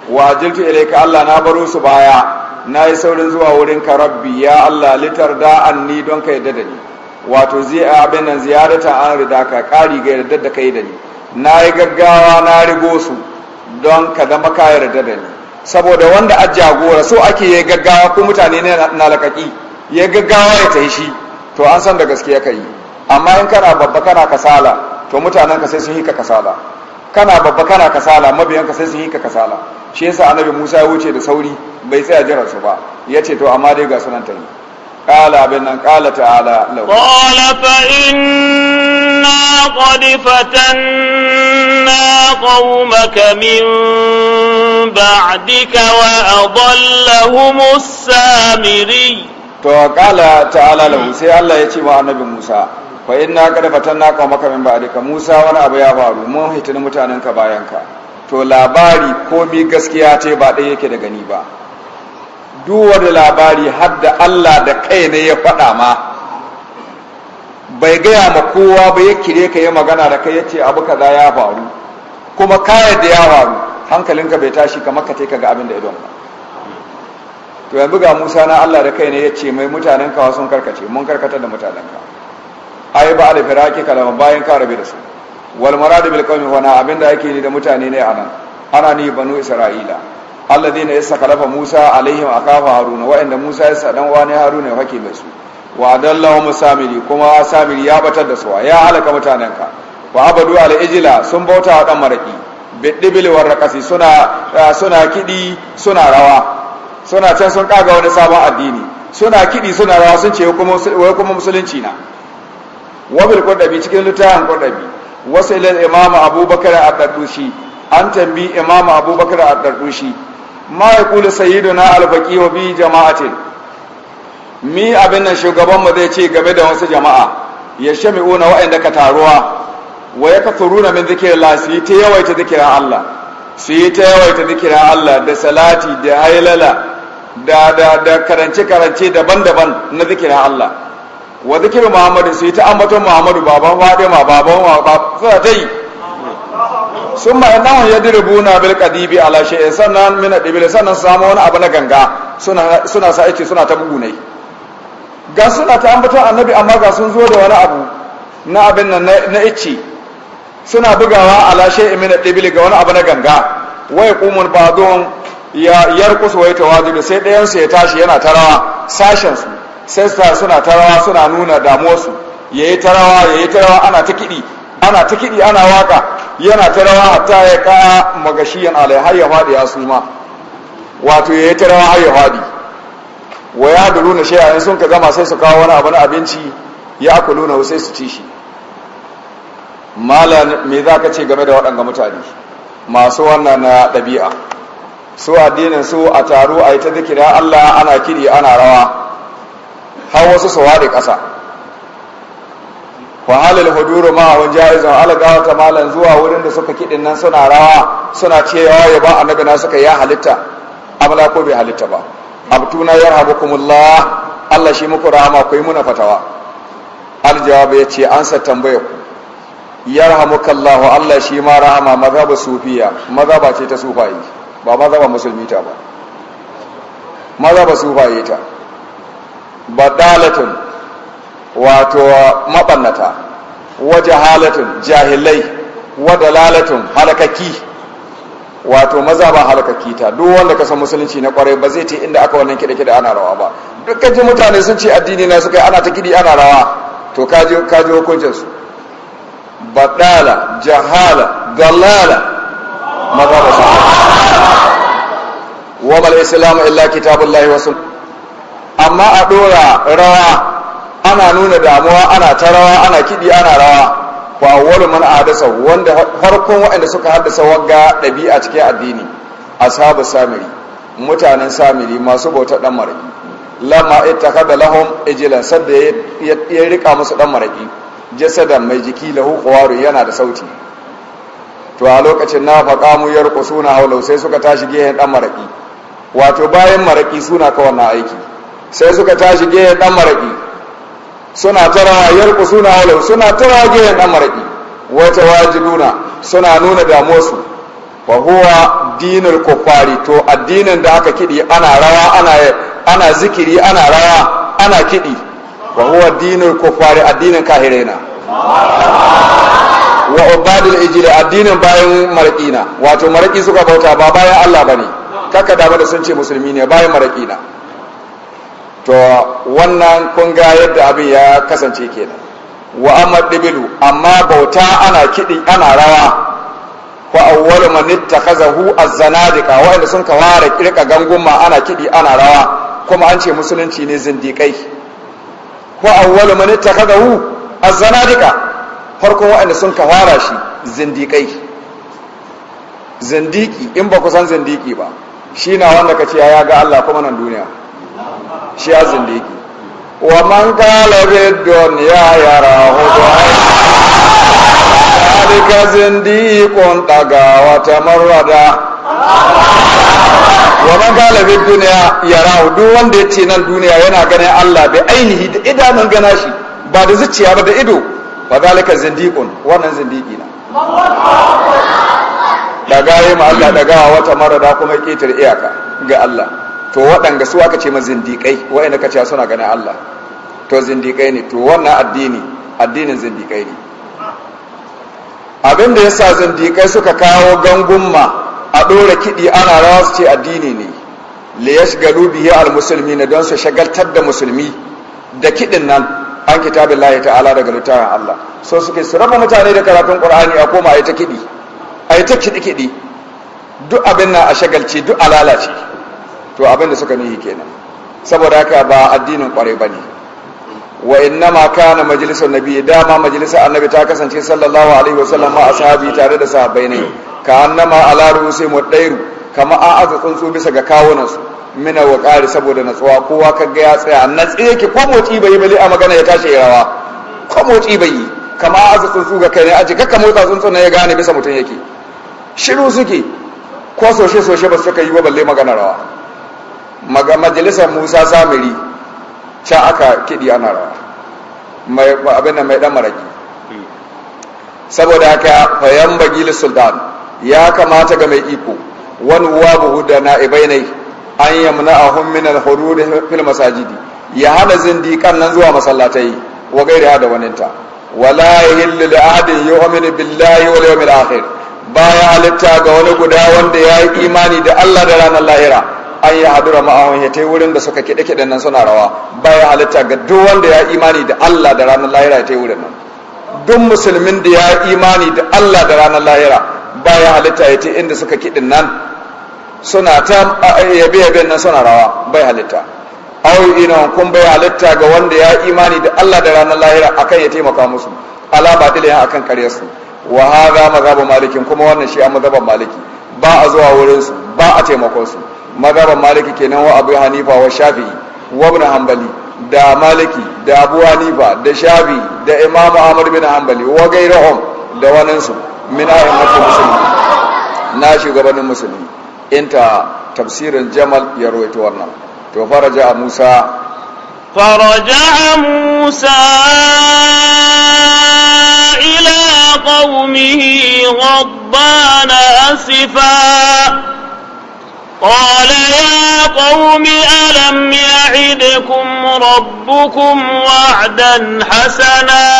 wa jiltu ilaika Allah na baro su baya na yi saurin zuwa wurin ka rabbi ya Allah litar da anni don ka yadda da ni wato zai abin nan ziyarata an rida ka kari ga yadda da kai da ni na yi gaggawa na rigo su don ka da maka yarda da ni saboda wanda a jagora so ake yi gaggawa ko mutane na lakaki ya gaggawa ya ta shi to an san da gaske ya yi amma in kana babba kana kasala to mutanen ka sai sun yi ka kasala kana babba kana kasala mabiyanka sai su yi ka kasala shi yasa annabi Musa ya wuce da sauri bai tsaya jiran su ba yace to amma dai ga sunan ta ne qala bin nan qala ta'ala law qala fa inna qad fatanna qaumaka min ba'dika wa adallahumus samiri to qala ta'ala law sai Allah ya ce wa annabi Musa fa inna na ka maka min ba'dika Musa wani abu ya faru mun hitin mutanen ka bayan ka to labari ko komi gaskiya ce ba ɗaya yake da ni ba duwar labari har da Allah da kai ne ya faɗa ma bai gaya ma kowa ba ya kire ka yi magana da kai ya ce abu kaza ya faru kuma kayar da ya faru hankalinka bai tashi kamar ka ka ga abin da idon ka to yanzu ga musa na allah da kai ne ya ce mai mutanen ka sun karkace mun karkatar da mutanen ka ai ba da firaki kalaman bayan ka rabe da su wal muradu bil qawmi wana abinda ake ni da mutane ne anan ana ni banu isra'ila alladhina kalafa musa alaihim akafa haruna wa musa ya dan wani haruna hake mai su wa adallahu samiri kuma samiri ya batar da su ya halaka mutanen ka wa abadu al ijla sun bauta wa dan maraki bidibil warqasi suna ah, suna kidi suna rawa suna can sun kaga wani sabon addini suna kidi suna rawa sun ce kuma kuma musulunci na wabil qurdabi cikin littafin qurdabi wasu ilal imamu abubakar a dardushi an tambi imamu abubakar a dardushi ma yaqulu sayyiduna al-faqih wa bi jama'atin mi abin nan shugaban mu zai ce game da wasu jama'a ya shami'una wa'anda ka taruwa wa kasuruna min dhikrillah su yi ta yawaita zikirin Allah su yi ta yawaita zikira Allah da salati da hailala da da karance karance daban-daban na zikirin Allah wa zikir muhammadu sai ta ambaton muhammadu baban fadima baban wa za ta yi sun ma yana ya diribu na bil kadibi ala shi'in sannan mina dibil sannan samu wani abu na ganga suna sa aiki suna ta bugu ne ga suna ta ambaton annabi amma ga sun zo da wani abu na abin nan na ici suna bugawa ala shi'in mina dibil ga wani abu na ganga waya kumun don ya yarkusu waya tawadu sai ɗayansu su ya tashi yana tarawa sashen su sai suna tarawa suna nuna damuwarsu ya yi tarawa ya yi tarawa ana ta kiɗi ana ta kiɗi ana waka yana tarawa ta ya ka magashiyan alai har ya faɗi ya suma wato ya yi tarawa har ya faɗi wa ya duru na shaya sun ka gama sai su kawo wani abu na abinci ya kulu na sai su ci shi mala me za ka ce game da waɗanga mutane masu wannan na ɗabi'a su addinin su a taro a yi ta zikira allah ana kiɗi ana rawa hawa wasu su waɗe ƙasa wa halal huduru ma wa jaizan alagawa ta malan zuwa wurin da suka kiɗin nan suna rawa suna cewa ya ba annabi na suka ya halitta amala ko bai halitta ba abtuna yarhamukumullah Allah shi muku rahama ku yi muna fatawa aljawab ya ce ansa tambayar ku yarhamukallahu Allah shi ma rahama mazhab sufiya ba ce ta sufaye ba ba musulmi ta ba mazhaba sufaye ta badalatun wato mabannata wa halatun jahilai dalalatun halakaki wato maza ba halakaki ta duk wanda ka san musulunci na kwarai ba zai ce inda aka wannan kiɗe-kiɗe ana rawa ba dukkan ji mutane sun ce addini na suka yi ana ta kiɗi ana rawa to ka hukuncin hukuncinsu badala jahala dalala maza ba su wa mal islamu illa kitabullahi wa sunnah amma a ɗora rawa ana nuna damuwa ana ta rawa ana kiɗi ana rawa ba wani man adasa wanda farkon waɗanda suka haddasa wagga ɗabi'a cikin addini ashabu samiri mutanen samiri masu bauta ɗan maraƙi lamma ittakhadha lahum ijlan sadda ya rika musu dan maraƙi jasadan mai jiki lahu qawaru yana da sauti to a lokacin na faƙa mu yar kusuna haulau sai suka tashi gehen dan maraƙi wato bayan maraƙi suna ka wannan aiki sai suka tashi gehen ɗan maraƙi suna tarawa yarku suna wala suna tara gehen ɗan maraƙi wata wajiduna suna nuna su wa huwa dinul kufari to addinin da aka kiɗi ana rawa ana ana zikiri ana rawa ana kiɗi wa huwa dinul kufari addinin kahirena wa ubadul ijili addinin bayan marƙina wato maraƙi suka bauta ba bayan Allah bane kakka da sun ce musulmi ne bayan marƙina to wannan kun ga yadda abin ya kasance kenan wa amma dibilu amma bauta ana kiɗi ana rawa wa awwalu man ittakhazahu az-zanadiqa wa'anda sun kawara kirka ma ana kiɗi ana rawa kuma an ce musulunci ne zindiƙai wa awwalu man ittakhazahu az-zanadiqa wa wa'anda sun kawara shi zindiƙai zindiki in ba ku san zindiki ba shi na wanda ka ce ya ga Allah kuma nan duniya shi ya zindigi wa man kala riddon ya yara hudu zalika zindiqun daga wata marrada wa man kala fi duniya yara duk wanda ya ce nan duniya yana ganin Allah bai ainihi da idanun gana shi ba da zuciya ba da ido fa zalika zindiqun wannan zindigi na daga yi ma Allah daga wata marada kuma ƙetare iyaka ga Allah to waɗanda su aka ce ma zindiƙai ka suna ganin Allah to zindiƙai ne to wannan addini addinin zindiƙai ne Abinda da ya sa zindiƙai suka kawo gangunma a ɗora kiɗi ana rawa su ce addini ne li yashgalu bihi al musulmi na don su shagaltar da musulmi da kiɗin nan an kitabin lahi ta'ala daga littafin Allah so suke su raba mutane da karatun Qur'ani a koma a yi ta kiɗi a yi ta kiɗi kiɗi duk abin nan a shagalci duk a lalace to abinda suka nuhi kenan saboda haka ba addinin kwarai ba ne wa inna ma kana majalisar nabi dama majalisar annabi ta kasance sallallahu alaihi wa sallam ma ashabi tare da sahabbai ne ka annama ala rusi mudairu kama a aka tsuntsu bisa ga kawunan su mina wa qari saboda natsuwa kowa kaga ya tsaya natsi ki ko motsi bai bali a magana ya tashi rawa ko motsi bai kama aka tsuntsu ga kai ne aji Kaka motsa tsuntsu ne ya gane bisa mutun yake shiru suke ko soshe soshe ba suka yi ba balle magana rawa majalisar musa samiri ca aka kiɗi ana rawa abin da mai dan maraki hmm. saboda haka fayan bagil sultan ya kamata ga mai iko wani wabuhu da na'ibai ne an yamna a humminar hururi fil masajidi ya hana zindikan nan zuwa masallatai wa gairi da waninta wala ya li da ahadin billahi wal yawmil akhir baya halitta ga wani guda wanda ya yi imani da Allah da ranar lahira an yi hadura ma'ahun ya ta wurin da suka kiɗe kiɗen nan suna rawa Bayan halitta ga duk wanda ya imani da Allah da ranar lahira ya ta wurin nan duk musulmin da ya imani da Allah da ranar lahira bayan halitta ya ta inda suka kiɗin nan suna ta yabe yaben nan suna rawa bai halitta au ina kun bai halitta ga wanda ya imani da Allah da ranar lahira akan ya taimaka musu ala batilin akan karyarsu wa hada mazhabu malikin kuma wannan shi a mazhabin maliki ba a zuwa wurin su a taimakon su mazhaban maliki kenan wa abu hanifa wa shafi wa ibn hanbali da maliki da abu hanifa da shafi da imam ahmad bin hanbali wa gairahum da su min a'immatul muslimin na shugabannin musulmi inta tafsirin jamal ya rawaito wannan to faraja musa faraja musa ila qaumihi غضبان asifa. قال يا قوم ألم يعدكم ربكم وعدا حسنا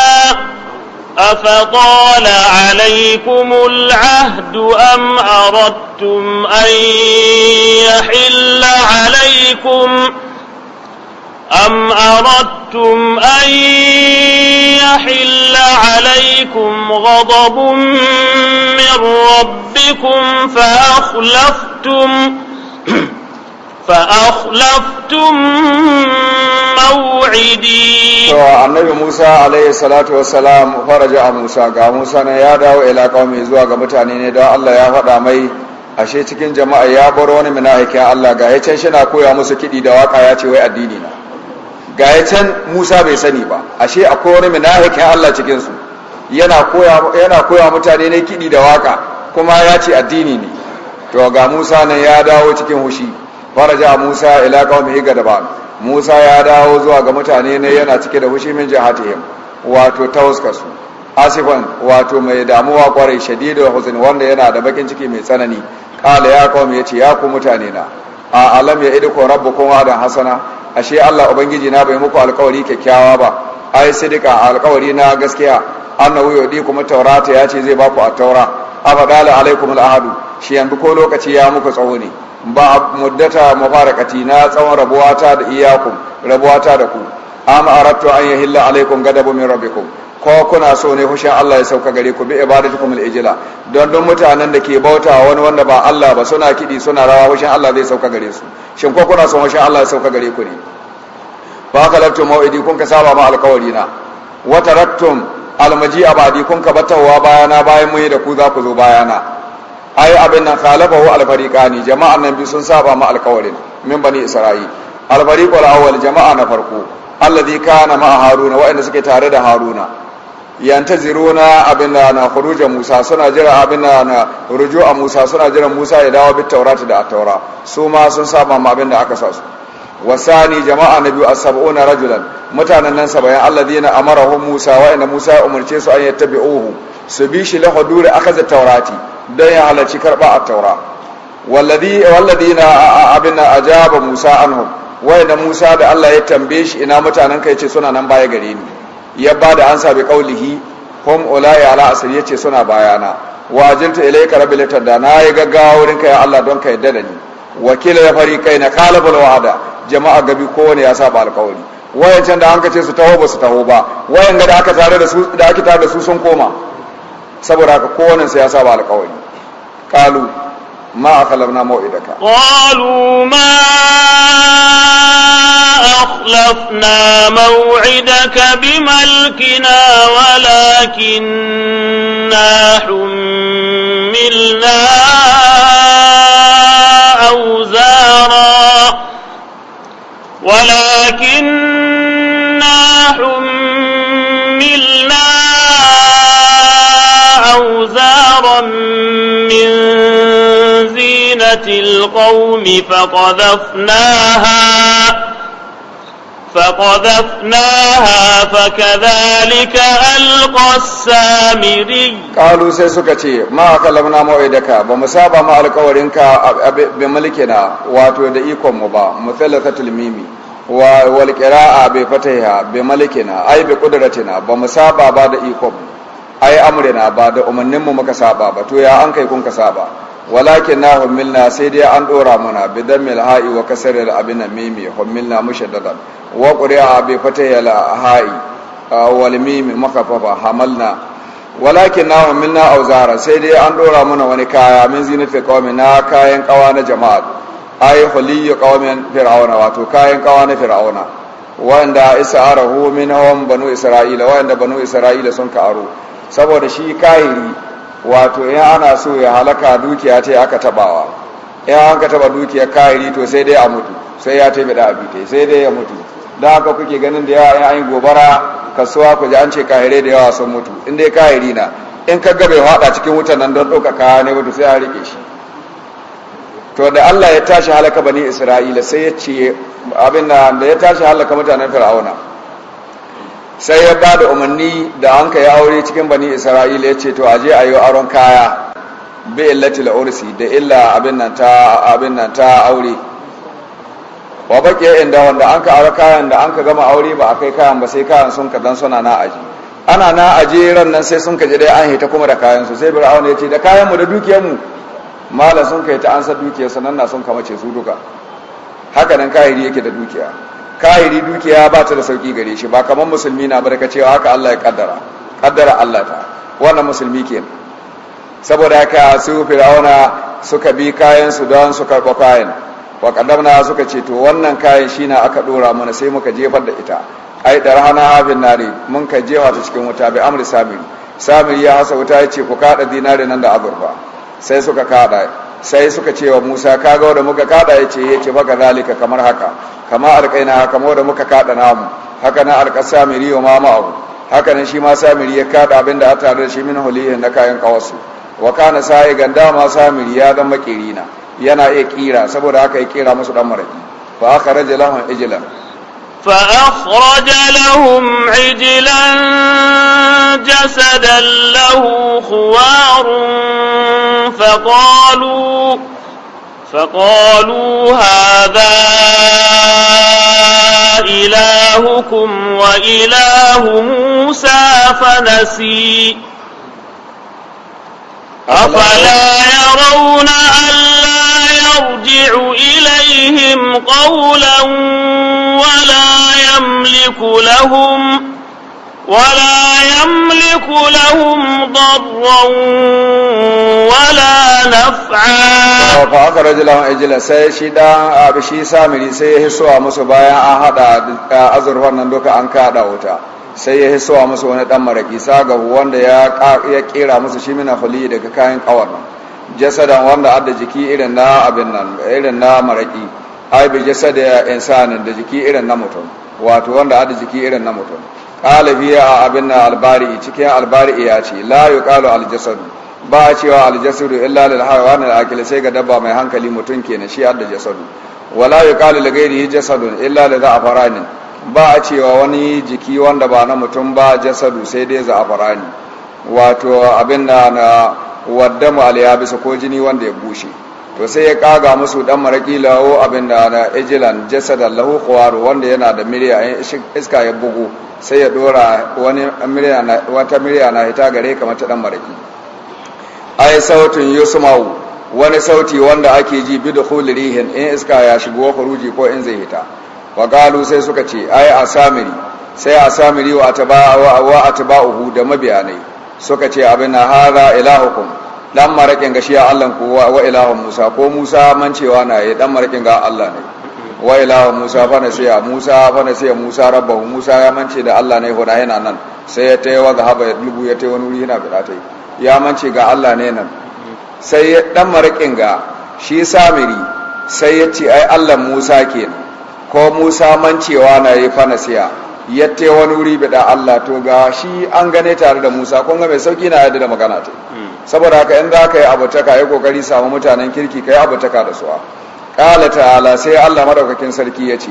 أفطال عليكم العهد أم أردتم أن يحل عليكم أم أردتم أن يحل عليكم غضب من ربكم فأخلفتم فأخلفتم موعدي to النبي Musa عليه salatu والسلام فرجع Musa ga موسى na ya dawo ila qaumi zuwa ga mutane ne don Allah ya faɗa mai ashe cikin jama'a ya bar wani a Allah ga yacan shi na koya musu kidi da waka ya ce wai addini na ga yacan Musa bai sani ba ashe akwai wani a Allah cikin su yana koya yana koya mutane ne kidi da waka kuma ya ce addini ne to ga musa nan ya dawo cikin hushi faraja musa ila ga daban. musa ya dawo zuwa ga mutane ne yana cike da hushi min jihatihim wato tawassasu asifan wato mai damuwa kwarai da huzun wanda yana da bakin ciki mai tsanani qala ya mai yace ya ku mutane na a alam ya idku rabbukum wadan hasana ashe Allah ubangiji na bai muku alkawari kyakkyawa ba ai sidika alkawari na gaskiya annahu yudi kuma taurata ya ce zai baku a taura afadala alaikum alahadu shi yanzu ko lokaci ya muku tsawo ne ba muddata mubarakati na tsawon rabuwa ta da iyakum ta da ku a aradtu an yahilla alaikum gadabu min rabbikum ko kuna so ne hushin Allah ya sauka gare ku bi ibadatukum al-ijla don don mutanen da ke bauta wani wanda ba Allah ba suna kidi suna rawa hushin Allah zai sauka gare su shin ko kuna so hushin Allah ya sauka gare ku ne ba ka lafto mau'idi kun ka saba ma alƙawari na wa taraktum almaji abadi kun ka batawa bayana bayan mu yi da ku za ku zo bayana ai abin nan khalafahu al-fariqani Jama'a nan bi sun saba ma alkawarin min bani isra'il al-fariqu al-awwal jama'a na farko alladhi kana ma haruna inda suke tare da haruna yantaziruna abin da na khuruja musa suna jira abin da na rujua musa suna jira musa ya dawo bi taurati da at-taura su ma sun saba ma abin da aka sa su wasani jama'a na biyu as-sab'una rajulan mutanen nan sabayan alladhina amarahum musa inda musa ya umarce su an yattabi'uhu su bi shi lahaduri aka za taurati don ya halarci karɓa a taura wallazi na abin na ajaba musa anhu wai da musa da allah ya tambaye shi ina mutanen kai ce suna nan baya gare ni ya ba da ansa bi qaulihi hum ulai ala asri yace suna bayana wa ajilta ilayka rabbil da na yi gaggawa wurin ka ya allah don ka yadda da ni wakila ya fari kai na kalabal wahada jama'a gabi kowane ya saba alkawari can da an ce su taho ba su taho ba wayan ga da aka tare da su da aka tare da su sun koma saboda haka kowane sai ya saba alƙawari qalu ma a akhlafna mau'idaka qalu ma a أخلفنا موعدك بملكنا ولكننا حملنا أوزارا walakin القوم فقذفناها فقذفناها فكذلك ألقى السامري قالوا سيسكتي ما كلمنا موعدك بمسابة مع القورنك بملكنا واتو دئيكم مبا مثلثة الميمي والقراءة بفتحها بملكنا أي بقدرتنا بمسابة بعد إيكم أي أمرنا بعد أمنم مكسابة تو يا أنكي كن كسابة walakin na humilna sai dai an dora mana bidan milha'i wa kasarar abin mimi humilna mushaddadan wa qur'a bi fatayil ha'i wal mimi makafafa hamalna walakin na humilna auzara sai dai an dora mana wani kaya min fi qaumi na kayan kawa na jama'a ay huliyyu qaumin fir'auna wato kayan kawa na fir'auna wanda isa min minhum banu isra'ila wanda banu isra'ila sun ka aro saboda shi kahiri wato ya ana so ya halaka dukiya ce aka tabawa ya an ka taba dukiya kairi to sai dai a mutu sai ya taimi da abite sai dai ya mutu don haka kuke ganin da yawa ya yi gobara kasuwa ku ji an ce kahire da yawa sun mutu in dai kahiri na in ka ya hada cikin wutan nan don ɗauka kaya ne wato sai ya rike shi to da Allah ya tashi halaka bani Isra'ila sai ya ce abin da ya tashi halaka mutanen Fir'auna sai ya ba da umarni da an ka aure cikin bani isra'ila ya ce to a je a yi aron kaya bi illati ursi da illa abin nan ta abin nan ta aure wa ya inda wanda an ka aure kayan da an ka gama aure ba a kai kayan ba sai kayan sun ka dan suna na aji ana na aji ran nan sai sun ka je dai an hita kuma da kayan su sai fir'auna ya ce da kayan mu da dukiyar mu malam sun kai ta ansa dukiyar sanan na sun kamace su duka haka nan kahiri yake da dukiya kahiri dukiya ba ta da sauki gare shi ba kamar musulmi na barka cewa haka Allah ya kaddara kaddara Allah ta wannan musulmi ke saboda haka su fir'auna suka bi kayan su don su karɓa kayan wa kaddamna suka ce to wannan kayan shi na aka dora mana sai muka jefar da ita ai da rahana abin nare mun ka jefa ta cikin wuta bi amri samiri samiri ya hasa wuta ya ce ku kada dinare nan da azurfa sai suka kada sai suka ce wa musa ga wanda muka kada ya ce ya ce baka zalika kamar haka kama alƙaina kama wanda muka kada namu haka na alƙa samiri wa ma abu haka nan shi ma samiri ya kada abin da a tare da shi min hulihin na kayan kawasu wa kana sai ganda ma samiri ya zama kirina yana iya kira saboda haka ya kira musu dan maraki fa aka raja lahun ijilan فأخرج لهم عجلا جسدا له خوار فقالوا فقالوا هذا إلهكم وإله موسى فنسي أفلا يرون ألا يَرْجِعُ إِلَيْهِمْ قَوْلًا وَلَا يَمْلِكُ لَهُمْ وَلَا يَمْلِكُ لَهُمْ ضَرًّا وَلَا نَفْعًا فأخرج لهم أَجْلَ sai shi da abishi samiri بَيَا أَحَدَ musu bayan an hada azurfar nan duka an sai ya hisuwa musu wani dan maraki saga wanda ya ƙira musu shi mina fali daga kayan ƙawar." nan jasadan wanda adda jiki irin na abin nan irin na maraki ai bi jasada insanin da jiki irin na mutum wato wanda adda jiki irin na mutum qalabi a abin na albari cikin albari ya ce la yuqalu aljasadu ba a cewa aljasadu illa lil hayawan al sai ga dabba mai hankali mutum kenan shi adda jasadu wala yuqalu li ghairihi jasadu illa lil za'afaranin ba a cewa wani jiki wanda ba na mutum ba jasadu sai dai za'afarani wato abin na wadda mu bisa ko jini wanda ya bushe to sai ya kaga musu dan maraki lawo abin da na ejilan jasad lahu qawaru wanda yana da miriya in iska ya bugu sai ya dora wani miriya na wata miriya na hita gare kamar ta dan maraki ai sautin yusmau wani sauti wanda ake ji bi dukhul rihin in iska ya shigo khuruji ko in zai hita faqalu sai suka ce ai asamiri sai asamiri wa atba'u wa atba'uhu da mabiyanai suka ce abin na haza ilahukum dan marakin ga shi ya Allah ku wa ilahun Musa ko Musa cewa na yi dan marakin ga Allah ne wa ilahun Musa fa ya Musa fa ya Musa rabbahu Musa ya mance da Allah ne huda yana nan sai ya tayi wa gaba ya dubu ya tayi wani wuri yana bida tayi ya mance ga Allah ne nan sai dan marakin ga shi samiri sai ya ce ai Allah Musa kenan ko Musa cewa na yi fa nasiya yatte wani wuri da Allah to ga shi an gane tare da Musa kun ga mai sauki na yadda da magana ta saboda haka in za ka yi abu ta ka kokari samu mutanen kirki kai abu ta ka da suwa ƙala ta'ala sai Allah madaukakin sarki ya ce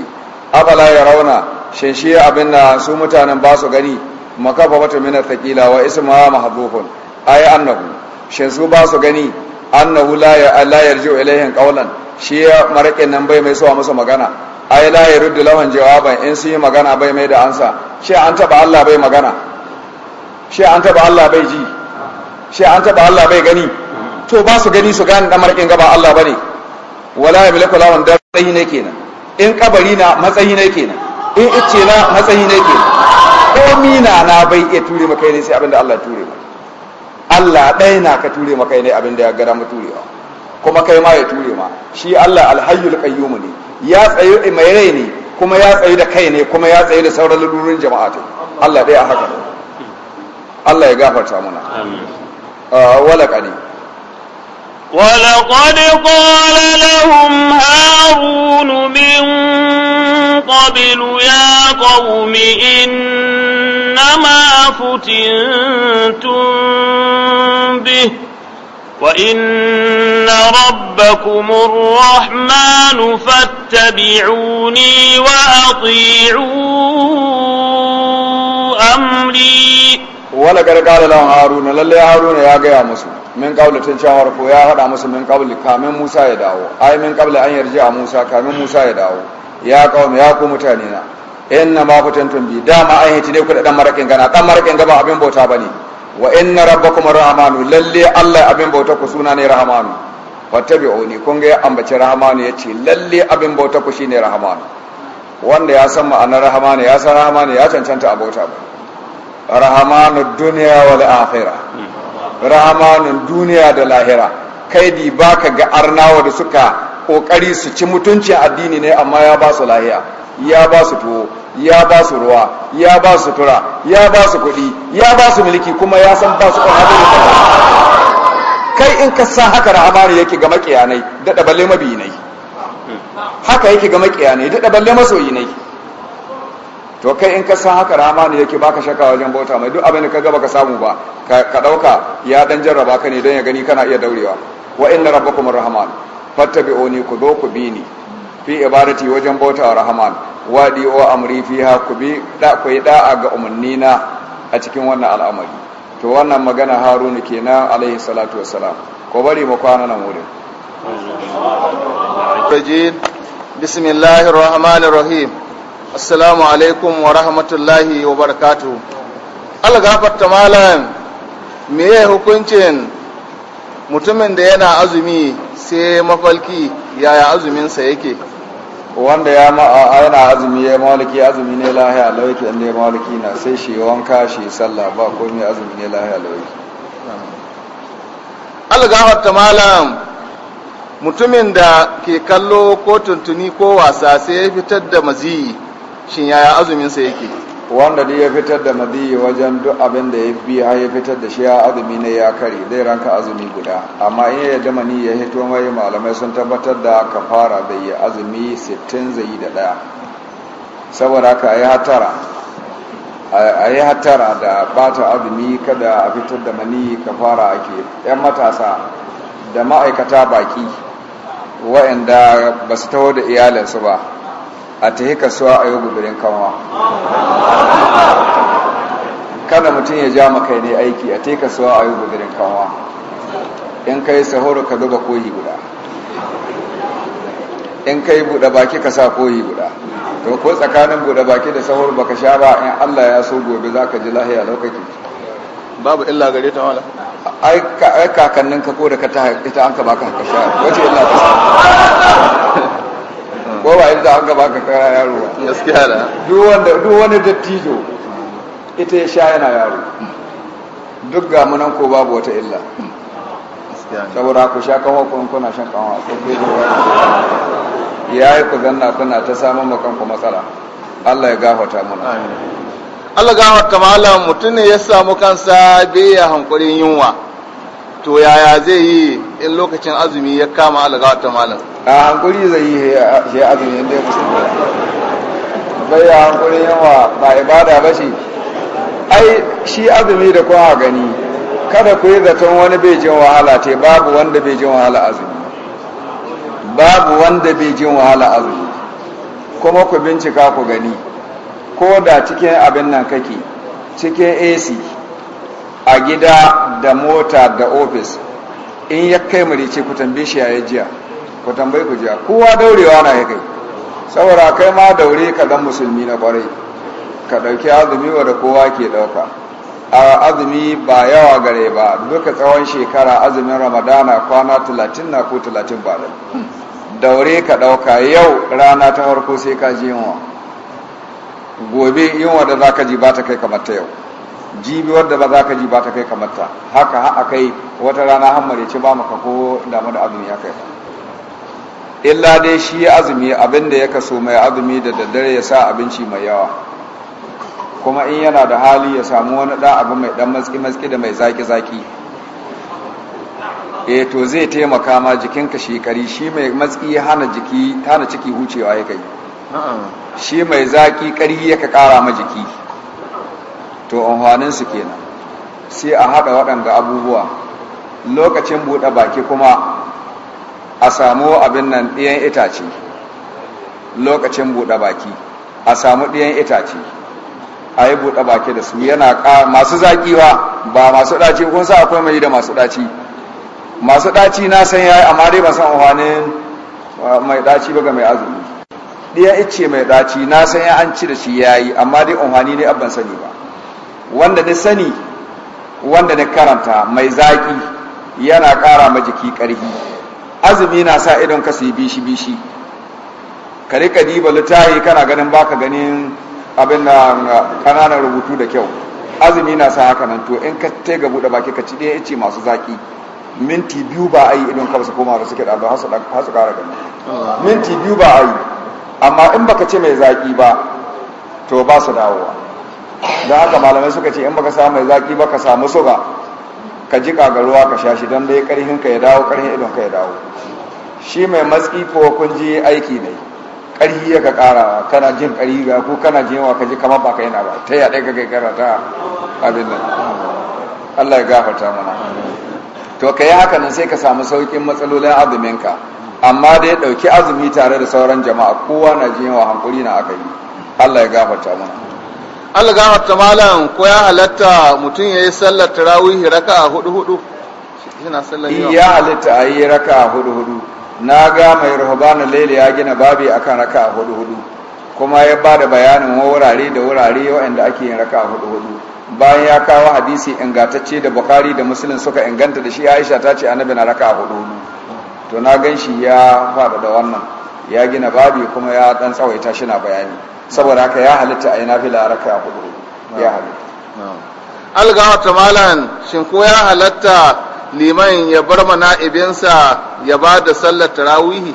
abala ya rauna shin shi abin da su mutanen ba su gani makafa mata minar taƙila wa isma mahadufun ayi annahu shin su ba su gani annahu la ya la yarju ilayhin qawlan shi ya marakin nan bai mai so masa magana ai la yaruddu lawan jawaban in sun yi magana bai mai da ansa shi an taba Allah bai magana shi an taba Allah bai ji shi an taba Allah bai gani to ba su gani su gane dan markin gaba Allah bane wala yamliku lawan da matsayi ne kenan in kabari na matsayi ne kenan in icce na matsayi ne kenan ko mina na bai iya ture maka ne sai abinda Allah ture maka Allah ɗaya na ka ture maka ne abinda ya gara mu turewa kuma kai ma ya ture ma shi Allah alhayyul qayyum ne ya tsayi mai rai ne kuma ya tsayu da kai ne kuma ya tsayu da sauran lalurin jama'a Allah dai a haka Allah ya gafarta muna wala kadi ولقد قال لهم هارون ya قبل in nama fitin tun bi. وإن ربكم الرحمن فاتبعوني وأطيعوا أمري wala gargara lan haruna lalle haruna ya gaya musu min kabla tun can ko ya hada musu min kabla kamin musa ya dawo ai min kabla an yarji a musa kamin musa ya dawo ya kawo ya ku mutane in na ma fitan tumbi dama an yi ne ku da dan marakin gana dan marakin gaba abin bauta bane wa inna rabbakum rahmanu lalle Allah abin bauta ku suna ne rahmanu fattabi'uni kun ga ambaci rahmanu yace lalle abin bauta ku shine rahmanu wanda ya san ma'anar rahmanu ya san rahmanu ya cancanta a bauta ba rahmanu dunya wal akhirah rahmanu duniya da lahira kaidi baka ga arnawa da suka kokari su ci mutuncin addini ne amma ya ba su lahiya ya ba su tuwo ya ba su ruwa ya ba su tura ya ba su kuɗi ya ba su mulki kuma ya san ba su kwanhadu kai in ka san haka rahamanu yake ga makiyanai da ɗaballe mabiyinai haka yake ga makiyanai da ɗaballe masoyinai to kai in ka san haka rahamanu yake baka shaka wajen bauta mai duk abin da ka gaba ka samu ba ka ɗauka ya ɗan jarraba ka ne don ya gani kana iya daurewa wa inna rabbakum rahman fattabi'uni ku zo ku bi ni fi ibadati wajen bauta wa rahman wadi wa amri fiha ku bi da ku yi da'a ga umannina a cikin wannan al'amari to wannan magana haruna kenan alaihi salatu wassalam ko bari mu kwana nan wurin tajid bismillahir rahmanir rahim assalamu alaikum wa rahmatullahi wa barakatuh algafar tamalan me ya hukuncin mutumin da yana azumi sai mafalki yaya azuminsa yake wanda ya ma yana azumi ya maliki azumi ne lahiya lauki inda ya maliki na sai shi wanka shi sallah ba komai azumi ne lahiya lauki. algafar ta malam mutumin da ke kallo ko tuntuni ko wasa sai ya fitar da maziyi shin yaya azumin sa yake wanda da ya fitar da madiyi wajen duk abin da ya biya ya fitar da shi ya azumi ne ya kare zai ranka azumi guda amma in ya yadda mani ya hito mai malamai sun tabbatar da kafara da ya azumi 60 zai da daya saboda ka yi hatara a yi hatara da bata azumi kada a fitar da mani kafara ake yan matasa da ma'aikata baki Waɗanda ba su taho da iyalinsu ba a ta yi kasuwa a yi gudurin kanwa kada mutum ya ja maka ne aiki a ta yi kasuwa a yi gudurin kanwa in ka yi sahoro ka duba koyi guda in ka yi buɗe baki ka sa koyi guda to ko tsakanin buɗe baki da sahoro baka sha ba in allah ya so gobe za ka ji lahiya laukaki babu illa gare ta wala ai kakannin ka ko da ka ta ita an ka baka ka sha wace illa ta ko ba yanzu an gaba ka kara yaro ba gaskiya da duk wani dattijo ita ya sha yana yaro duk ga munan ko babu wata illa saboda ku sha kanwa kun kuna shan kanwa ko ke da ya yi ku zanna kuna ta samun makon ku matsala Allah ya gafarta muna Allah gafarta ma Allah mutum ne ya samu kansa bai ya hankulin yunwa to yaya zai yi in lokacin azumi ya kama alagawa ta malam a hankuri zai yi shi azumi inda ya musulmi bai ya hankulin yawa ba ibada ba shi ai shi azumi da kuma gani kada ku yi zaton wani bai jin wahala te babu wanda bai jin wahala azumi babu wanda bai jin wahala azumi kuma ku bincika ku gani ko da cikin abin nan kake cikin ac a gida da mota da ofis in ya kai marice ku tambaye shi yayi jiya ku tambaye ku jiya kowa daurewa na ya kai saboda kai ma daure ka dan musulmi na kwarai ka dauki azumi wa da kowa ke dauka a azumi ba yawa gare ba duka tsawon shekara azumin ramadana kwana talatin na ko talatin ba daure ka dauka yau rana ta farko sai ka ji yunwa gobe yunwa da za ka ji ba ta kai kamar ta yau jibi wadda ba za ka ji ba ta kai kamar ta haka ha kai, wata rana hammare ce ba maka ko damu da azumi ya kai illa dai shi azumi abinda ya kaso mai azumi da daddare ya sa abinci mai yawa kuma in yana da hali ya samu wani ɗan abu mai ɗan matsi-matsi da mai zaki-zaki e to zai taimaka ma jikinka shekari shi mai matsi hana jiki hana ciki hucewa ya kai shi mai zaki kari ya ka ƙara ma jiki to amfaninsu kenan sai a haɗa waɗanda abubuwa lokacin buɗe baki kuma a samu abin nan ɗiyan itace lokacin buɗe baki a samu ɗiyan itace a yi buɗe baki da su yana masu zaƙi ba ba masu ɗaci kun sa akwai mai da masu ɗaci masu ɗaci na san yayi amma dai ba san amfanin mai ɗaci ba ga mai azumi ɗiyan ice mai ɗaci na san ya an ci da shi yayi amma dai amfani ne abban sani ba wanda da sani wanda da karanta mai zaƙi yana ƙara ma jiki ƙarfi azumi na sa idon ka su bishi bishi ka riƙa diba littafi kana ganin baka ganin abin da ƙananan rubutu da kyau azumi na sa haka nan to in ka te ga buɗe baki ka ci ɗaya ce masu zaƙi minti biyu ba a yi idon ka su koma da suke ɗalba har su ƙara gani minti biyu ba a yi amma in baka ce mai zaƙi ba to ba su dawowa don haka malamai suka ce in baka samu mai zaki baka samu suga ka ji ka ruwa ka sha shi don dai karhin ka ya dawo karhin idon ka ya dawo shi mai matsi ko kun ji aiki ne karhi ya ka kara kana jin karhi ga ko kana jin wa ka ji kamar baka yana ba ta yadda ka kai karata abin nan Allah ya gafarta mana to ka yi haka nan sai ka samu saukin matsalolin azumin ka amma dai dauki azumi tare da sauran jama'a kowa na jin wa hankuri na aka yi Allah ya gafarta mana ga hatta malam ko ya halatta mutum ya yi sallar tarawihi raka a hudu hudu ya halatta a yi raka a hudu hudu na ga mai rahobana lele ya gina babi akan raka a hudu hudu kuma ya bada bayanin wurare da wurare waɗanda ake yin raka a hudu hudu bayan ya kawo hadisi ingantacce da Bukhari da musulun suka inganta da shi aisha ta ce annabi na raka a hudu hudu to na gan shi ya faɗaɗa wannan ya gina babi kuma ya dan tsawaita shi na bayani saboda haka ya halitta a yi nafila raka hudu ya halitta algawa ta malan shin ko ya halatta liman ya bar mana ibinsa ya ba da sallar tarawihi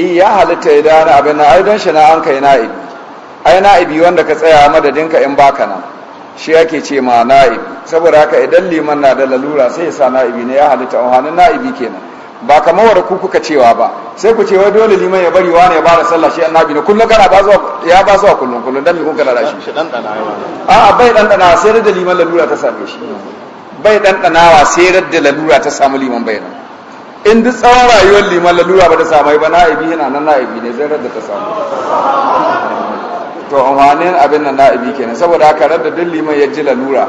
in eh, ya halitta ya dana abin na ai don shi na an kai na'ibi ai na'ibi wanda ka tsaya madadinka in baka nan shi yake ce ma na'ibi saboda haka idan liman na da lalura sai ya sa na'ibi ne ya halitta a na'ibi kenan ba kamar wadda ku kuka cewa ba sai ku ce wai dole liman ya bari wani ya bada sallah shi annabi ne kullun kana ba ya bazuwa kullun kullum kullum dan me kun kana rashi a a bai dan dana sai da liman lalura ta same shi bai dan danawa sai da lalura ta samu liman bai nan in duk tsawon rayuwar liman lalura ba ta samu ba na'ibi yana nan na'ibi ne sai radda ta samu to amfanin abin nan na'ibi kenan saboda haka radda duk liman ya ji lalura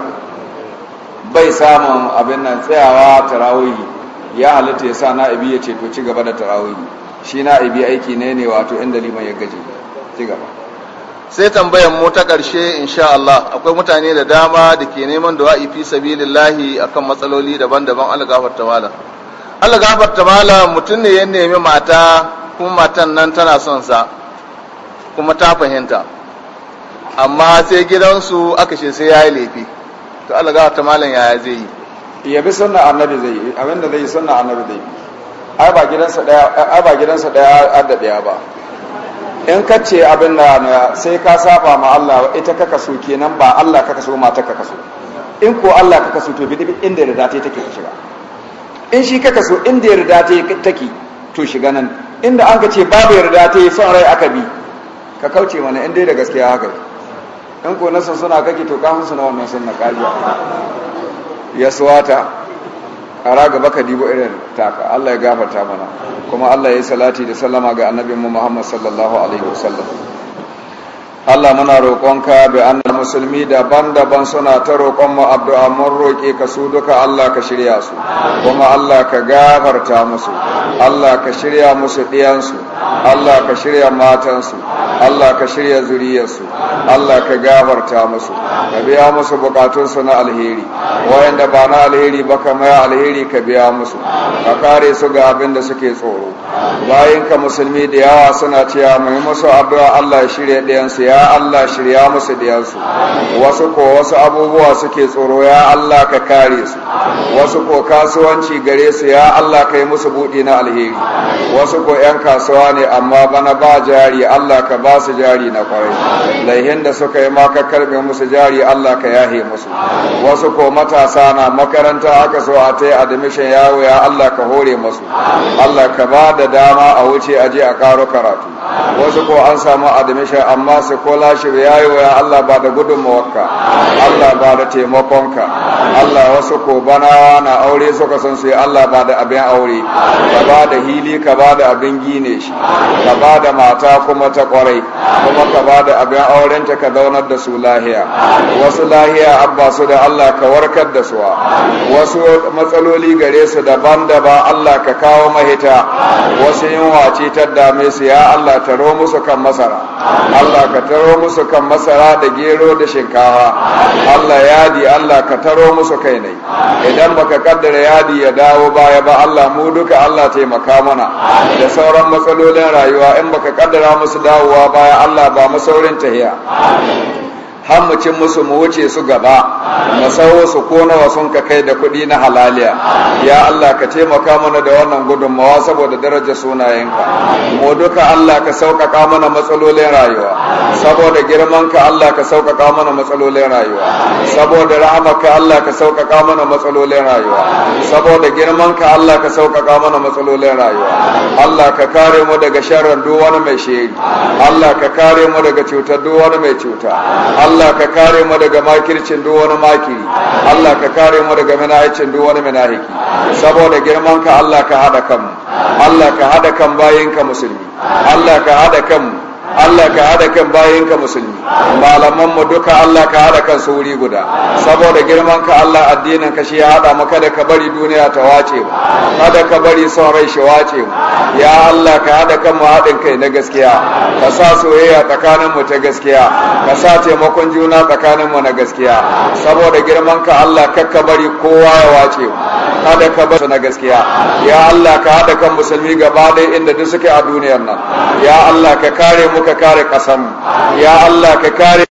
bai samun abin nan tsayawa tarawih ya halatta ya sa na'ibi ya ce to ci gaba da tarawihi shi na'ibi aiki ne ne wato inda liman ya gaji ci gaba sai tambayar mu ta ƙarshe insha Allah akwai mutane da dama da ke neman du'a'i fi sabilillahi akan matsaloli daban-daban algafar tamala algafar tamala mutum ne ya nemi mata kuma matan nan tana son sa kuma ta fahimta amma sai gidansu aka ce sai yayi laifi to algafar tamalan yaya zai yi ya bi sunna annabi zai yi abinda zai yi sunna annabi zai yi ai ba gidansa daya ai ba gidansa daya adda daya ba in ka ce abin da sai ka saba ma Allah ita ka kaso kenan ba Allah ka kaso mata ka kaso in ko Allah ka kaso to bi inda rida ta take shiga in shi ka kaso inda rida ta take to shiga nan inda an ka ce babu rida ta yi son rai aka bi ka kauce mana in dai da gaskiya haka in ko nasa suna kake to kafin suna wannan sunna kariya. ya suwata a gaba ka dibo irin taka Allah ya gafarta mana kuma Allah ya yi salati da sallama ga annabinmu Muhammad sallallahu alaihi wasallam Allah muna roƙonka bi da musulmi daban-daban suna ta roƙon mu addu'a mun roƙe ka su duka Allah ka shirya su kuma Allah ka gafarta musu Allah ka shirya musu ɗiyansu Allah ka shirya matansu Allah ka shirya zuriyarsu Allah ka gafarta musu ka biya musu bukatunsu na alheri wayanda ba na alheri ba ka maya alheri ka biya musu ka kare su ga abin da suke tsoro bayan ka musulmi da yawa suna cewa mai musu addu'a Allah ya shirya ɗiyansu ya ya Allah shirya musu diyansu wasu ko wasu abubuwa suke tsoro ya Allah ka kare su wasu ko kasuwanci gare su ya Allah ka yi musu buɗi na alheri wasu ko 'yan kasuwa ne amma bana ba jari Allah ka ba su jari na kwarai laihin da suka yi ma ka karbe musu jari Allah ka yahe musu wasu ko matasa na makaranta aka so a ta yi admission yawo ya Allah ka hore musu Allah ka ba da dama a wuce aje a karo karatu wasu ko an samu admission amma su ko lashe ya yi wa Allah ba da mawakka, Allah ba da taimakonka Allah wasu ko bana na aure suka san su Allah ba da abin aure ka ba da hili ka ba da abin gine shi ka ba da mata kuma ta kwarai kuma ka ba da abin aurenta ka zaunar da su lahiya wasu lahiya abba su da Allah ka warkar da su wasu matsaloli gare su daban daban Allah ka kawo mahita wasu yunwa ce ta dame su ya Allah taro musu kan masara Allah ka taro musu kan masara da gero da shinkawa Allah yadi Allah ka taro musu kai ne idan baka kaddara yadi ya dawo baya ba Allah mu duka Allah taimaka mana da sauran matsalolin rayuwa in baka kaddara musu dawowa baya Allah ba mu saurin tahiya amin Hammacin musu mu wuce su gaba na sawo su ko nawa sun ka kai da kuɗi na halaliya ya Allah ka taimaka mana da wannan gudunmawa saboda daraja sunayenka mu duka Allah ka sauƙaƙa mana matsalolin rayuwa saboda girmanka Allah ka sauƙaƙa mana matsalolin rayuwa saboda rahamarka Allah ka sauƙaƙa mana matsalolin rayuwa saboda girmanka Allah ka sauƙaƙa mana matsalolin rayuwa Allah ka kare mu daga sharrin duk wani mai shiri Allah ka kare mu daga cutar duk wani mai cuta Allah ka kare mu daga makircin duk wani makiri Allah ka kare mu daga minahicin duk wani minahiki saboda girman ka Allah ka hada kanmu Allah ka hada kan bayinka musulmi Allah ka hada kanmu Allah ka hada kan ka musulmi malaman mu duka Allah ka hada kan su wuri guda saboda girman ka Allah addinin ka shi ya hada mu kada ka bari duniya ta wace mu kada ka bari son rai shi wace mu ya Allah ka hada kan mu hadin kai na gaskiya ka sa soyayya tsakanin mu ta gaskiya ka sa taimakon juna tsakanin mu na gaskiya saboda girman ka Allah ka bari kowa ya wace mu kada ka bar na gaskiya ya Allah ka hada kan musulmi gaba ɗaya inda duk suke a duniyar nan ya Allah ka kare mu ka kare ƙasanmu ya Allah ka kare